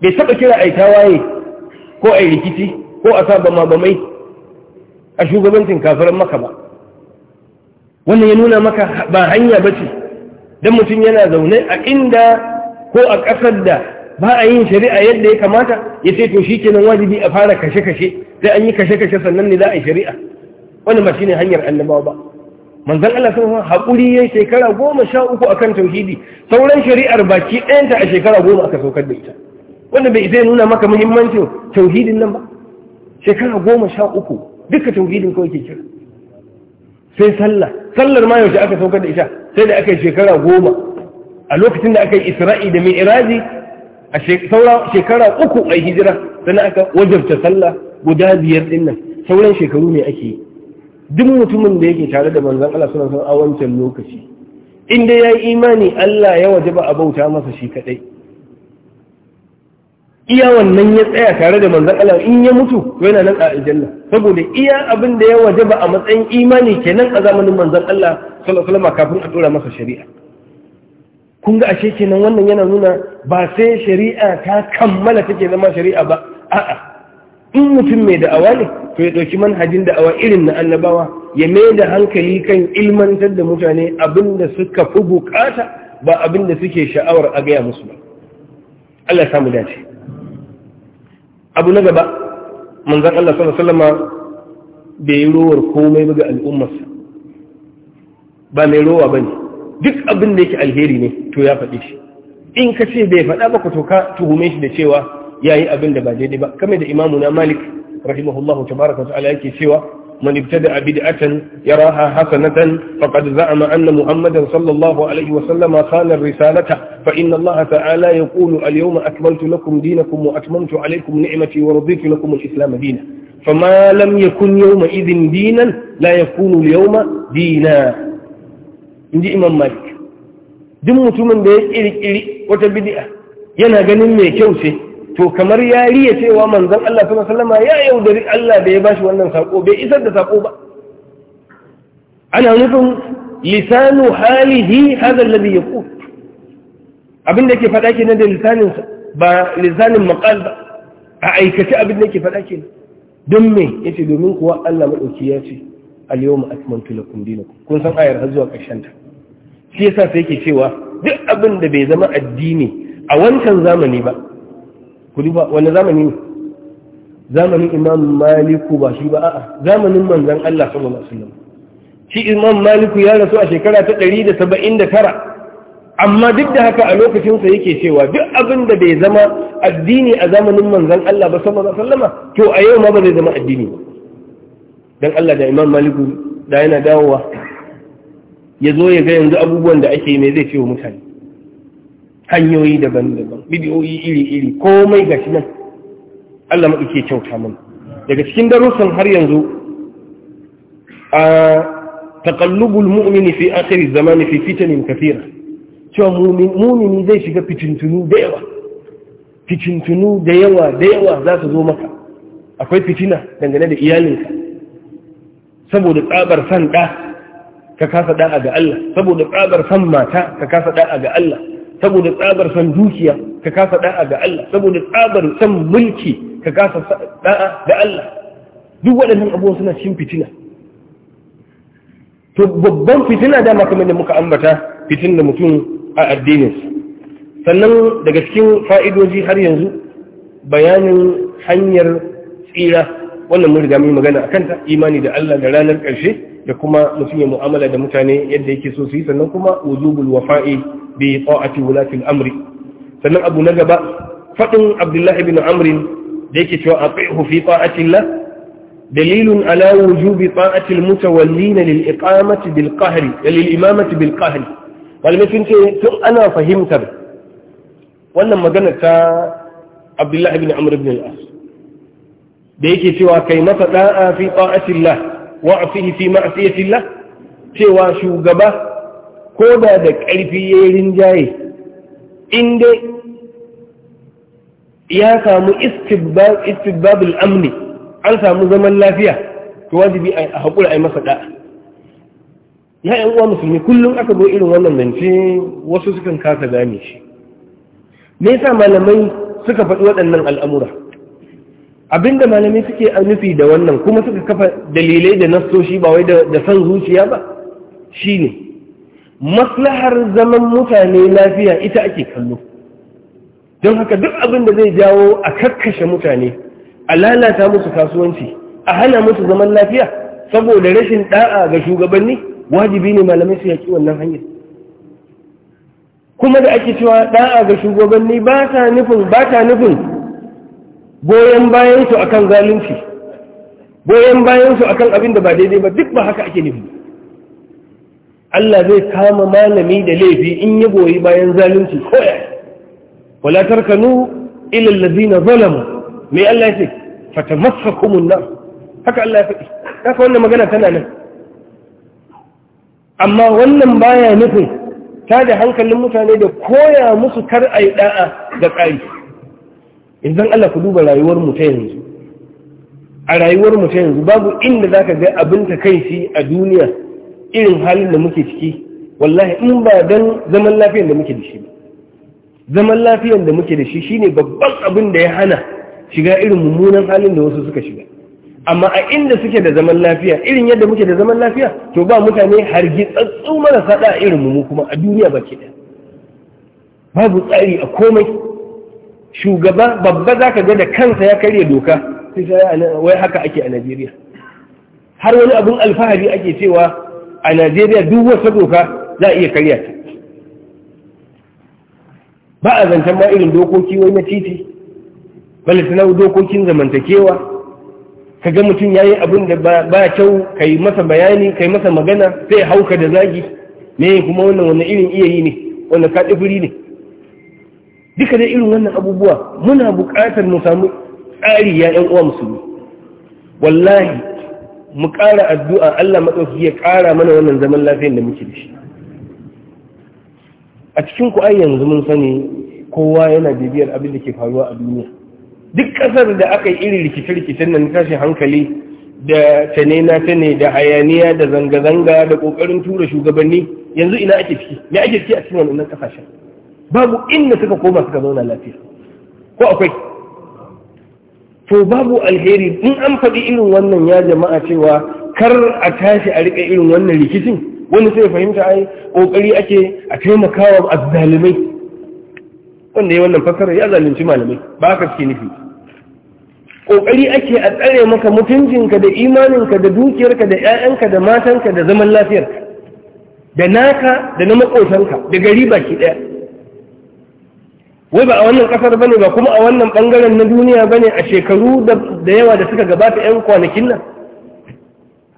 bai taɓa kira a tawaye ko a rikici ko a sa mabamai a shugabancin kafiran maka ba wannan ya nuna maka ba hanya ba ce don mutum yana zaune a inda ko a ƙasar da ba a yin shari'a yadda ya kamata ya ce to shi kenan wajibi a fara kashe-kashe sai an yi kashe-kashe sannan ne za a yi shari'a wani ba shi ne hanyar annabawa ba manzan Allah sun haƙuri ya shekara goma sha uku a kan tauhidi sauran shari'ar baki ɗayanta a shekara goma aka saukar da ita wanda bai zai nuna maka muhimmancin tauhidin nan ba shekara goma sha uku duka tauhidin kawai ke kira sai sallah sallar ma yaushe aka saukar da ita sai da aka yi shekara goma a lokacin da aka yi isra'i da mai iraji a shekara uku a hijira sannan aka wajarta sallah guda biyar din nan sauran shekaru ne ake yi duk mutumin da yake tare da manzon Allah suna son a wancan lokaci Inda ya yi imani Allah ya ba a bauta masa shi kadai iya wannan ya tsaya tare da manzon Allah in ya mutu to yana nan a aljanna saboda iya abin da ya wajaba a matsayin imani kenan a zamanin manzon Allah sallallahu alaihi wasallam kafin a ɗora masa shari'a kun ga ashe kenan wannan yana nuna ba sai shari'a ta kammala take zama shari'a ba a'a in mutum mai da'awa ne to ya ɗauki manhajin da'awa irin na annabawa ya mai da hankali kan ilmantar da mutane abin da suka fi bukata ba abin da suke sha'awar a gaya musu ba Allah samu dace abu na gaba manzan Allah sallallahu bai yi rowar komai ba ga al'ummarsa ba mai rowa ba ne. duk abin da yake alheri ne to ya faɗi shi in ka ce bai faɗa ba ku to ka tuhume shi da cewa ya yi abin da ba daidai ba kamar da imamu na malik rahimahullahu tabaraka ta'ala yake cewa man ibtada bid'atan yaraha hasanatan faqad za'ama anna muhammadan sallallahu alaihi wa sallama khana risalata fa inna allah ta'ala yaqulu al-yawma akmaltu lakum dinakum wa atmamtu alaykum ni'mati wa raditu lakum al-islam dinan فما لم يكن يومئذ دينا لا يكون اليوم دينا in ji imam malik duk mutumin da ya kirkiri wata bidi'a yana ganin mai kyau ce to kamar ya riya cewa manzon Allah sallallahu alaihi ya yaudari Allah da ya bashi wannan sako bai isar da sako ba ana nufin lisanu halihi hadha ya yaqul abin da yake faɗa kenan da lisanin ba lisanin maqal ba a aikace abin da yake faɗa kenan don me yace domin kuwa Allah madauki ya ce al yawma akmaltu lakum dinakum kun san ayar har zuwa ƙarshen ta shi yasa sai yake cewa duk abin da bai zama addini a wancan zamani ba ku duba wani zamani ne zamanin imam maliku ba shi ba a'a zamanin manzan Allah sallallahu alaihi wasallam shi imam maliku ya rasu a shekara ta 179 amma duk da haka a lokacin sa yake cewa duk abin da bai zama addini a zamanin manzan Allah ba sallallahu alaihi wasallama to a yau ma ba zai zama addini ba dan Allah da imam maliku da yana dawowa ya zo ya ga yanzu abubuwan da ake yi mai zai ce wa mutane hanyoyi daban-daban bidiyoyi iri-iri komai gashi nan Allah ke kyauta mana daga cikin darussan har yanzu a takallubul mu'mini fi akhiri zamani fi fitanin kafira cewa mumini zai shiga fitintunu da yawa fitintunu da yawa da yawa za su zo maka akwai fitina dangane da iyalinka saboda tsabar san ɗa ka kasa da'a ga Allah saboda tsabar san mata ka kasa da'a ga Allah saboda tsabar san dukiya ka kasa da'a ga Allah saboda tsabar san mulki ka kasa da'a ga Allah duk waɗannan abubuwa suna cikin fitina to babban fitina da kamar da muka ambata fitin da mutum a addinin. sannan daga cikin fa'idoji har yanzu bayanin hanyar tsira wannan mun riga mun magana a kanta imani da Allah da ranar ƙarshe da kuma mutum ya mu'amala da mutane yadda yake so su yi sannan kuma wujubul wafa'i bi ta'ati wulatil amri sannan abu na gaba fadin abdullah ibn amr da yake cewa aqihu fi ta'atillah dalilun ala wujubi ta'atil mutawallin lil iqamati bil qahri lil imamati bil qahri malamai sun ce tun ana fahimtar wannan magana ta abdullah ibn amr ibn al-as da yake cewa kai masa da'a fi ta'atillah wa'fihi fi ma'siyatillah cewa shugaba ko da da ƙarfi ya yi rinjaye inda ya samu istibabul amni an samu zaman lafiya to wajibi a haƙura a yi masa ɗa'a ya ‘yan uwa musulmi kullum aka zo irin wannan zance wasu sukan kasa gane shi me yasa malamai suka faɗi waɗannan al'amura Abin da malami suke nufi da wannan kuma suka kafa dalilai da nasoshi ba wai da san zuciya ba shine maslahar zaman mutane lafiya ita ake kallo don haka duk abin da zai jawo a kakkashe mutane a lalata musu kasuwanci a hana musu zaman lafiya saboda rashin da'a ga shugabanni wajibi ne malamai su yaki wannan hanyar kuma da ake cewa da'a ga shugabanni ba ta nufin ba ta nufin goyon bayansu akan zalunci goyon bayansu akan abin da ba daidai ba duk ba haka ake nufi Allah zai kama malami da laifi in ya goyi bayan zalunci koya wala tarkanu ila na zalamu me Allah ya ce fata fatamassakumun nan haka Allah ya faɗi haka wannan magana tana nan amma wannan baya nufin ta da hankalin mutane da koya musu kar a yi da'a da ƙari. idan Allah ku duba rayuwarmu ta yanzu a rayuwar mu ta yanzu babu inda zaka ga abin ta kai shi a duniya irin halin da muke ciki wallahi in ba dan zaman lafiyar da muke da shi zaman lafiyar da muke da shi shine babban abin da ya hana shiga irin mummunan halin da wasu suka shiga amma a inda suke da zaman lafiya irin yadda muke da zaman lafiya to ba mutane hargitsatsu marasa da irin mu kuma a duniya baki ɗaya babu tsari a komai shugaba babba za ka ga da kansa ya karya doka Sai wai haka ake a najeriya har wani abin alfahari ake cewa a najeriya duk wasu doka za a iya karya ta ba a zancen ma irin dokoki wai na titi balitina dokokin zamantakewa ka ga mutum ya yi abin da ba kyau ka yi masa bayani ka yi masa magana sai hauka da zagi ne kuma wannan wani irin iya yi ne wanda ka ne duka dai irin wannan abubuwa muna buƙatar mu samu tsari ya ƴan uwa musulmi wallahi mu ƙara addu'a Allah maɗauki ya ƙara mana wannan zaman lafiyar da muke da shi a cikin ku ai yanzu mun sani kowa yana bibiyar abin da ke faruwa a duniya duk ƙasar da aka yi irin rikice-rikicen nan tashi hankali da tane na tane da hayaniya da zanga-zanga da ƙoƙarin tura shugabanni yanzu ina ake ciki me ake ciki a cikin wannan ƙasashen babu inda suka koma suka zauna lafiya ko akwai to babu alheri in an faɗi irin wannan ya jama'a cewa kar a tashi a riƙe irin wannan rikicin wani sai fahimta ai ƙoƙari ake a taimakawa azzalimai wanda ya wannan fassara, ya zalunci malamai ba ka suke nufi ƙoƙari ake a tsare maka mutuncinka da imaninka da dukiyarka da 'ya'yanka da matanka da zaman lafiyarka da naka da na maƙotanka da gari baki ɗaya wai ba a wannan kasar bane ba kuma a wannan bangaren na duniya bane a shekaru da yawa da suka gabata yan kwanakin nan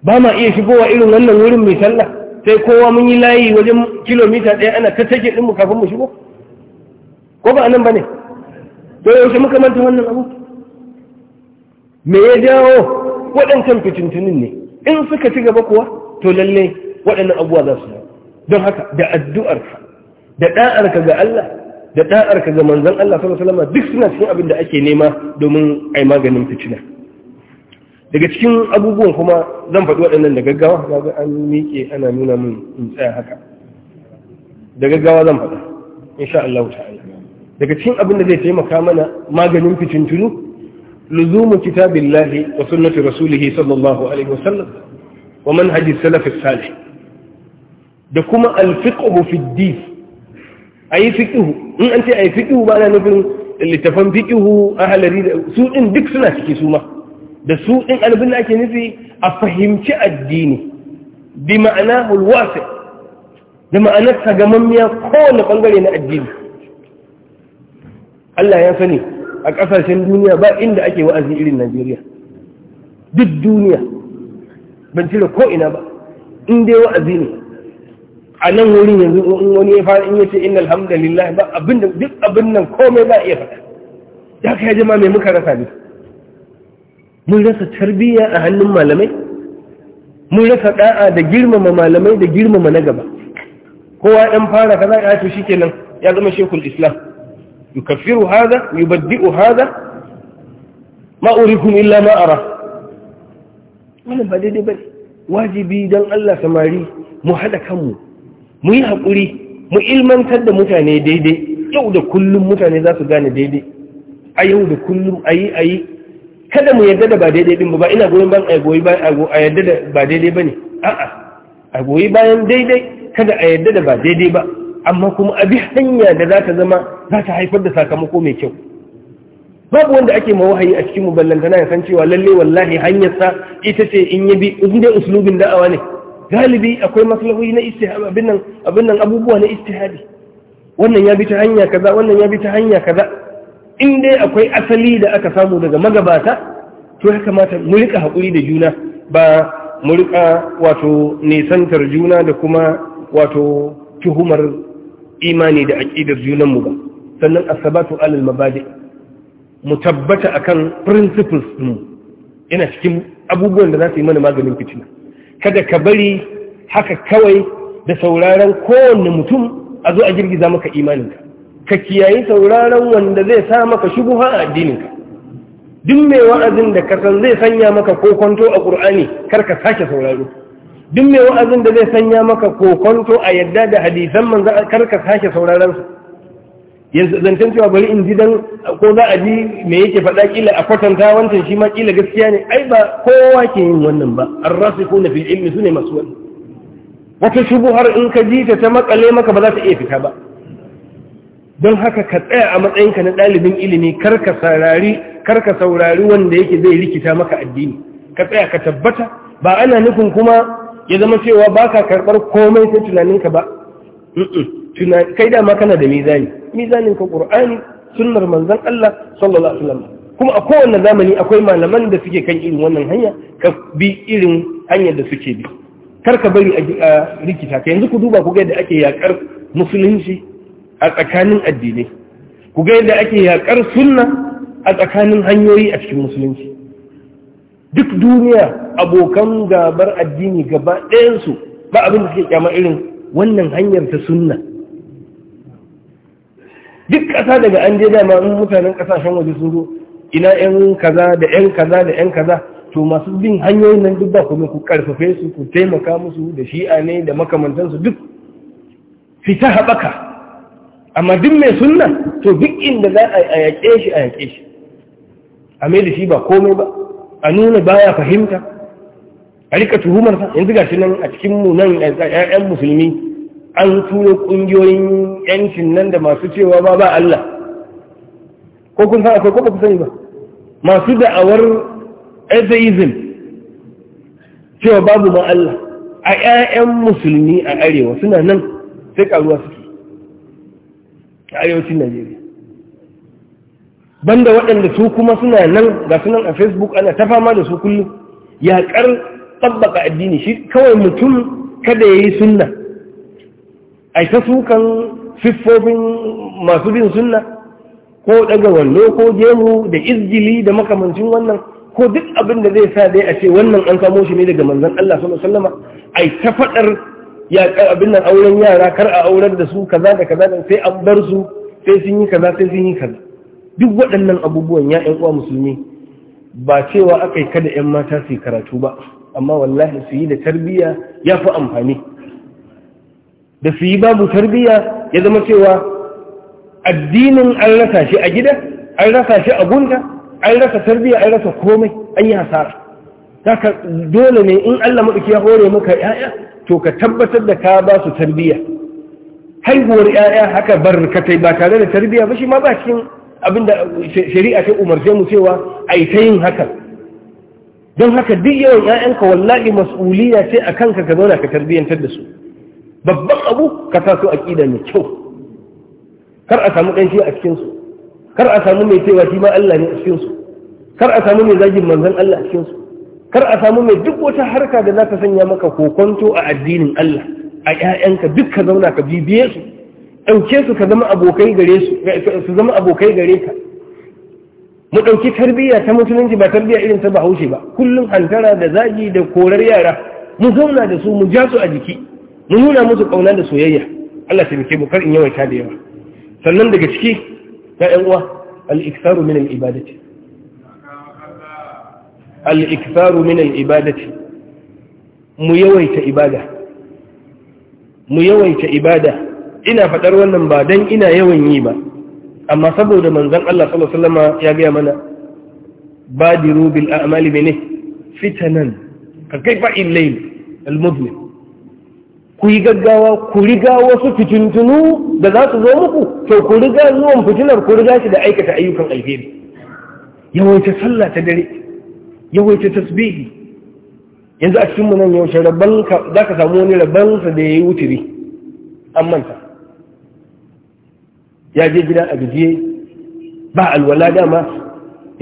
ba ma iya shigowa irin wannan wurin mai sallah sai kowa mun yi layi wajen kilomita ɗaya ana ta take ɗinmu kafin mu shigo ko ba nan ba to yaushe muka manta wannan abu me ya jawo waɗancan fitintunin ne in suka ci gaba kuwa to lallai waɗannan abubuwa za su don haka da addu'arka da ɗa'arka ga Allah da da'arka ga manzon Allah sallallahu alaihi wasallam duk suna cikin abin da ake nema domin ai maganin fitina daga cikin abubuwan kuma zan faɗi waɗannan da gaggawa ga an miƙe ana nuna min in tsaya haka da gaggawa zan faɗa insha Allah ta'ala daga cikin abin da zai taimaka mana maganin fitintunu luzumu kitabillahi wa sunnati rasulih sallallahu alaihi wa sallam wa manhaji salaf salih da kuma alfiqhu fi din a yi fiƙihu in an ce a yi fiƙihu ba na nufin littafan fiƙihu a halari da su ɗin duk suna ciki su ma da su ɗin albin da ake nufi a fahimci addini bi ma'ana hulwasa da ma'anar tagamammiya kowane ɓangare na addini Allah ya sani a ƙasashen duniya ba inda ake wa'azi irin Najeriya duk duniya ban cire ko ina ba in dai wa'azi ne a nan wurin yanzu in wani ya fara in yace innal alhamdulillah ba abin da duk abin nan komai za a iya faɗa ya kai jama'a mai muka rasa ne mun rasa tarbiyya a hannun malamai mun rasa da'a da girmama malamai da girmama na gaba kowa dan fara kaza ya to shikenan ya zama shekul islam yukaffiru hada yubaddi'u hada ma urikum illa ma ara wannan ba daidai bane wajibi dan Allah samari mu hada kanmu mu yi haƙuri mu ilmantar da mutane daidai yau da kullum mutane za su gane daidai a yau da kullum a yi a yi kada mu yadda da ba daidai ɗin ba ina goyon ban a goyi bayan a yadda da ba daidai ba ne a'a a goyi bayan daidai kada a yadda da ba daidai ba amma kuma a bi hanya da za ta zama za ta haifar da sakamako mai kyau babu wanda ake ma wahayi a cikin muballantana ya san cewa lalle wallahi hanyarsa ita ce in yabi in dai uslubin da'awa ne galibi akwai maslahoyi na abin nan abin nan abubuwa na istihadi wannan ya bi ta hanya kaza wannan ya bi ta hanya kaza in dai akwai asali da aka samu daga magabata to ya kamata mu rika hakuri da juna ba mu rika wato nisantar juna da kuma wato tuhumar imani da aqidar junan mu ba sannan asabatu alal mabadi mu tabbata akan principles mu ina cikin abubuwan da za su yi mana maganin fitina kada ka bari haka kawai da sauraron kowanne mutum a zo a girgiza maka imaninka ka kiyayi sauraron wanda zai sa maka shubuha a addininka duk mai wa'azin da ka san zai sanya maka kokonto a ƙur'ani kar ka sake sauraro duk mai wa'azin da zai sanya maka kokonto a yadda da hadisan manzo kar ka sake sauraron su yanzu zancen cewa bari in ji dan ko za a ji me yake faɗa kila a kwatanta wancan shi ma kila gaskiya ne ai ba kowa ke yin wannan ba an rasu ko na fil ilmi ne masu wani wata shubuhar in ka ji ta ta makale maka ba za ta iya fita ba don haka ka tsaya a matsayinka na ɗalibin ilimi ka saurari ka saurari wanda yake zai rikita maka addini ka tsaya ka tabbata ba ana nufin kuma ya zama cewa ba ka karɓar komai sai tunaninka ba kai dama kana da mizani mizanin ka qur'ani sunnar manzon Allah sallallahu alaihi wasallam kuma a kowanne zamani akwai malaman da suke kan irin wannan hanya ka bi irin hanyar da suke bi kar ka bari a rikita ka yanzu ku duba ku ga yadda ake yakar musulunci a tsakanin addinai ku ga yadda ake yakar sunna a tsakanin hanyoyi a cikin musulunci duk duniya abokan gabar addini gaba ɗayansu ba abin da suke kyama irin wannan hanyar ta sunna duk ƙasa daga an je dama in mutanen ƙasashen waje sun zo ina ƴan kaza da ƴan kaza da ƴan kaza to masu bin hanyoyin nan duk ba kuma ku ƙarfafe su ku taimaka musu da shi'a ne da makamantansu duk fita haɓaka amma duk mai sunna to duk inda za a yaƙe shi a yaƙe shi a mai da shi ba komai ba a nuna baya fahimta a rika tuhumarsa yanzu shi nan a cikin mu nan ƴaƴan musulmi an tura kungiyoyin yancin nan da masu cewa ba ba Allah ko kun san akwai ko ba ku sani ba masu da'awar atheism cewa babu ma Allah a ƴaƴan musulmi a arewa suna nan sai karuwa suke a arewacin Najeriya banda waɗanda su kuma suna nan ga sunan a Facebook ana ta fama da su kullum yaƙar tabbaka addini shi kawai mutum kada ya yi sunna ai ta sukan siffofin masu bin sunna ko daga wallo ko gemu da izgili da makamancin wannan ko duk abin da zai sa dai a ce wannan an samo shi ne daga manzon Allah sallallahu alaihi wasallam ai ta fadar ya abin nan auren yara kar a aurar da su kaza da kaza sai an bar su sai sun yi kaza sai sun yi kaza duk waɗannan abubuwan ya uwa musulmi ba cewa aka yi kada 'yan mata su karatu ba amma wallahi su yi da tarbiyya ya fi amfani da su yi babu tarbiyya ya zama cewa addinin an rasa shi a gida an rasa shi a gunta an rasa tarbiyya an rasa komai an yi hasara dole ne in Allah maɗauki ya hore maka ‘ya'ya to ka tabbatar da ka ba su tarbiyya haihuwar ‘ya'ya haka barkatai ba tare da tarbiyya ba shi ma ba cikin abinda shari'a ta umarce mu cewa a yi ta yin haka don haka duk yawan ‘ya'yanka wallahi mas'uliya ce a kanka ka zauna ka tarbiyyantar da su babban abu ka sa su aƙida mai kyau kar a samu ɗan a cikinsu kar a samu mai cewa shi ma Allah ne a cikinsu kar a samu mai zagin manzon Allah a cikinsu kar a samu mai duk wata harka da za ta sanya maka kokonto a addinin Allah a ƴaƴanka duk ka zauna ka bibiye su ɗauke su ka zama abokai gare su su zama abokai gare ka mu ɗauki tarbiyya ta musulunci ba tarbiyya irin ta bahaushe ba kullum hantara da zagi da korar yara mu zauna da su mu ja su a jiki mu nuna musu kauna da soyayya Allah ta muke bukar in yawaita da yawa sannan daga ciki ta yan uwa al-iktaru min al-ibadati al-iktaru min al-ibadati mu yawaita ibada mu yawaita ibada ina fadar wannan ba dan ina yawan yi ba amma saboda manzon Allah sallallahu alaihi wasallam ya gaya mana badiru bil a'mali ne fitanan ka kai fa al-layl al-mudlim ku yi gaggawa ku riga wasu fitintunu da za su zo muku to ku riga zuwan fitinar ku riga shi da aikata ayyukan alheri yawaita sallah ta dare yawaita tasbihi yanzu a cikin nan yaushe rabban za ka samu wani rabban sa da yayi wuturi an manta ya je gida a gajiye ba alwala dama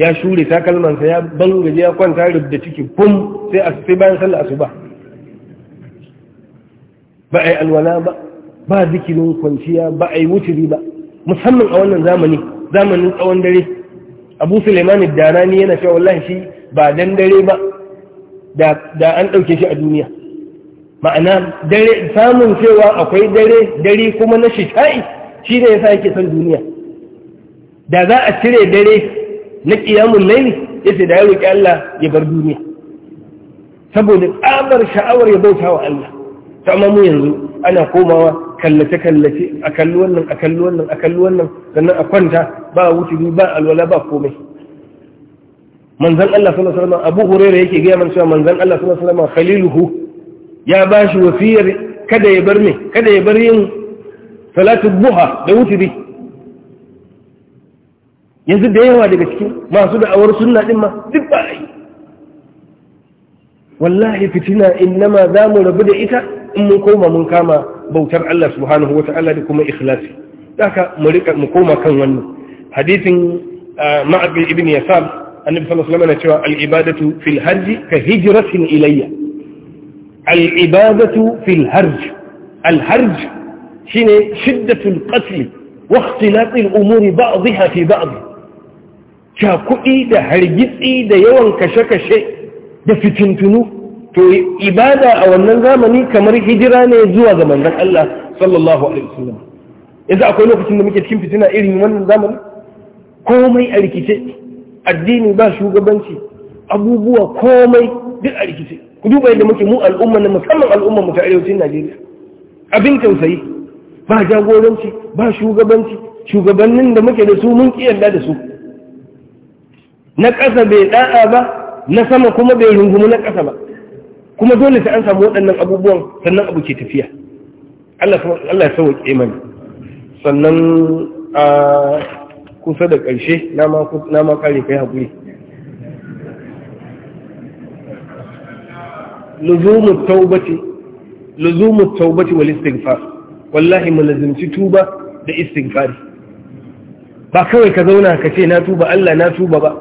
ya shure takalmansa ya bangaje ya kwanta rubda ciki kum sai bayan sallah asuba ba a yi alwala ba ba zikirin kwanciya ba a yi wuturi ba musamman a wannan zamani zamanin tsawon dare abu suleimani darani yana cewa wallahi shi ba dan dare ba da an ɗauke shi a duniya ma'ana dare samun cewa akwai dare dare kuma na shita'i shi ne yasa yake son duniya da za a cire dare na ƙiyamun laili yace da ya roƙi Allah ya bar duniya saboda tsabar sha'awar ya bauta wa Allah ta amma yanzu ana komawa kallace-kallace a kalli wannan a kalli wannan a kalli wannan sannan a kwanta ba wuturi ba alwala ba komai manzan Allah sallallahu alaihi wasallam Abu Hurairah yake gaya mana cewa manzan Allah sallallahu alaihi wasallam khaliluhu ya bashi wasiyar kada ya bar me kada ya bar yin salatu duha da wuturi yanzu da yawa daga cikin masu da'awar sunna din ma duk ba ai wallahi fitina innama zamu rabu da ita in mun koma mun kama bautar Allah subhanahu wata'ala da kuma ikhlasi haka mu rika mu koma kan wannan hadisin ma'abi ibn yasab annabi sallallahu alaihi wasallam ya ce al-ibadatu fil hajj ka hijratin ilayya al-ibadatu fil hajj al-hajj shine shiddatul qatl wa ikhtilat umuri ba'dha fi ba'd ka kudi da hargitsi da yawan kashe-kashe da fitintunu to ibada a wannan zamani kamar hijira ne zuwa ga manzon Allah sallallahu alaihi wasallam yanzu akwai lokacin da muke cikin fitina irin wannan zamani komai a rikice addini ba shugabanci abubuwa komai duk a rikice ku duba yadda muke mu al'umma na musamman al'umma mu ta arewacin Najeriya abin tausayi ba jagoranci ba shugabanci shugabannin da muke da su mun kiyarda da su na ƙasa bai da'a ba na sama kuma bai rungumi na ƙasa ba kuma dole sai an samu waɗannan abubuwan sannan abu ke tafiya Allah ya sauƙe mani sannan a kusa da ƙarshe na ma kare kai haƙuri luzumu taubati luzumu taubati wal istighfar wallahi mulazimci tuba da istighfari ba kawai ka zauna ka ce na tuba Allah na tuba ba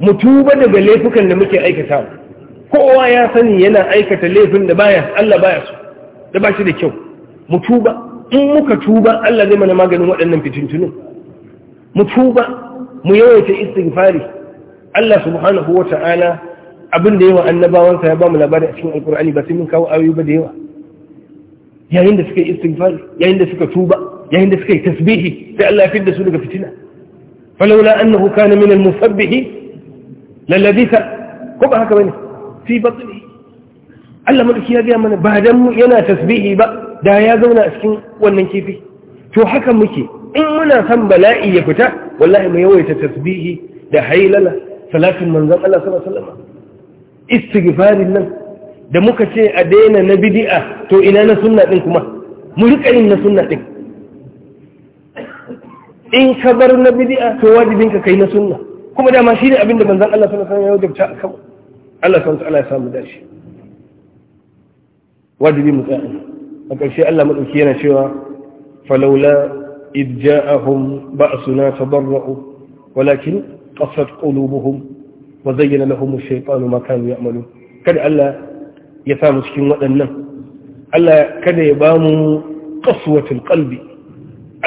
mu tuba daga laifukan da muke aikatawa kowa ya sani yana aikata laifin da baya Allah baya su da ba shi da kyau mu tuba in muka tuba Allah zai mana maganin waɗannan fitintunin mu tuba mu yawaita istighfari Allah subhanahu wa ta'ala abin da yawa annabawansa ya ba mu labari a cikin alkur'ani ba sai mun kawo ayoyi ba da yawa yayin da suka yi istighfari yayin da suka tuba yayin da suka yi tasbihi sai Allah ya fidda su daga fitina falawla annahu kana min al-musabbihi lalladhi ko ba haka bane fi batni Allah madauki ya gaya mana ba dan mu yana tasbihi ba da ya zauna a cikin wannan kifi to haka muke in muna son bala'i ya fita wallahi mu yawaita tasbihi da hailala salatin manzan, Allah sallallahu salama, wasallam istighfarin nan da muka ce a daina na bidi'a, to ina na sunna din kuma mu rika yin na sunna din in ka bar na bidi'a to wajibin ka kai na sunna kuma dama shine abin da manzon Allah sallallahu alaihi ya wajabta a kawai. Allah san Allah ya samu dashi wajibi mu tsaya a ƙarshe Allah madauki yana cewa falaula id ja'ahum ba'suna tadarra'u walakin qasat qulubuhum wa zayyana lahum ash-shaytanu ma kanu ya'malun kada Allah ya samu cikin waɗannan Allah kada ya bamu qaswatul qalbi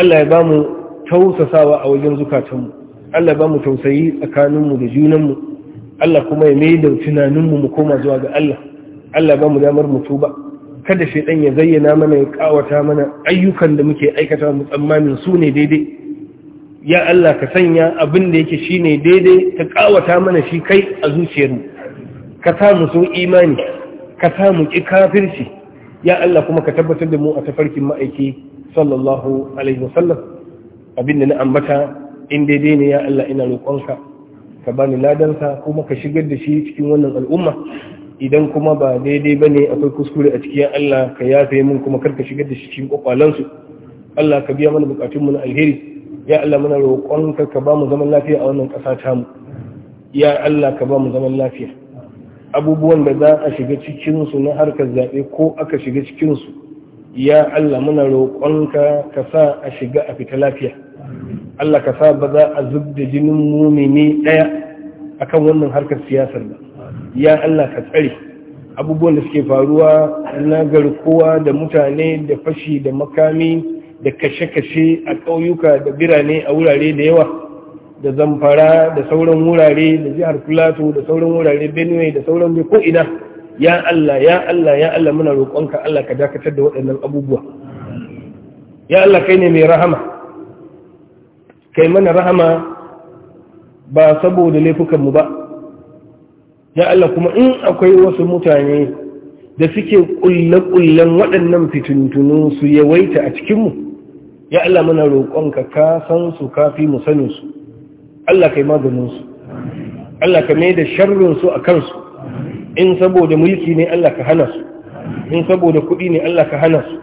Allah ya bamu tausasawa a wajen zukatanmu Allah ya bamu tausayi tsakaninmu da junanmu Allah kuma ya mai da tunaninmu mu koma zuwa ga Allah Allah ba mu damar mutu ba kada shi ɗan ya zayyana mana ya ƙawata mana ayyukan da muke aikata mu tsammanin su ne daidai ya Allah ka sanya abin da yake ne daidai ta ƙawata mana shi kai a zuciyarmu ka sa mu so imani ka sa mu ki kafirci ya Allah kuma ka tabbatar da mu a tafarkin ma'aiki sallallahu alaihi wasallam abin da na ambata in daidai ne ya Allah ina roƙonka ka bani ladansa kuma ka shigar da shi cikin wannan al'umma idan kuma ba daidai ba ne akwai kuskure a cikin Allah ka yafe min kuma karka shigar da shi cikin kwakwalansu Allah ka biya mana bukatunmu na alheri ya Allah muna roƙonka ka ba mu zaman lafiya a wannan ƙasa mu. ya Allah ka ba mu zaman lafiya abubuwan da za a shiga cikinsu na harkar zaɓe ko aka shiga cikinsu ya Allah muna roƙonka ka sa a shiga a fita lafiya Allah ka sa ba za a zub da jinin mumini ɗaya a kan wannan harkar siyasar ba ya Allah ka tsare abubuwan da suke faruwa na garkuwa da mutane da fashi da makami da kashe-kashe a ƙauyuka da birane a wurare da yawa da zamfara da sauran wurare da jihar plateau da sauran wurare benue da sauran bai ina. ya Allah ya Allah ya Allah muna roƙonka Allah ka dakatar da waɗannan abubuwa ya Allah kai ne mai rahama kai mana rahama ba saboda laifukanmu ba ya Allah kuma in akwai wasu mutane da suke ƙulle-ƙullen waɗannan fitintunu su yawaita a cikinmu ya Allah muna roƙonka ka san su kafi mu sanin su Allah kai maganin su Allah ka mai da sharrin su a kansu in saboda mulki ne Allah ka hana su in saboda kuɗi ne Allah ka hana su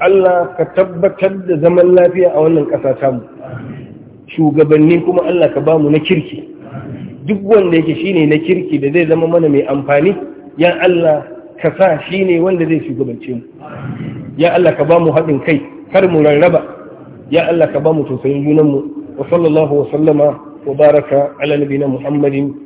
Allah ka tabbatar da zaman lafiya a wannan ƙasa tamu shugabanni kuma Allah ka bamu na kirki duk wanda yake shine na kirki da zai zama mana mai amfani ya Allah ka sa shine wanda zai shugabance mu ya Allah ka bamu haɗin kai kar mu rarraba ya Allah ka bamu tausayin junanmu wa sallallahu wa sallama wa baraka ala nabiyina muhammadin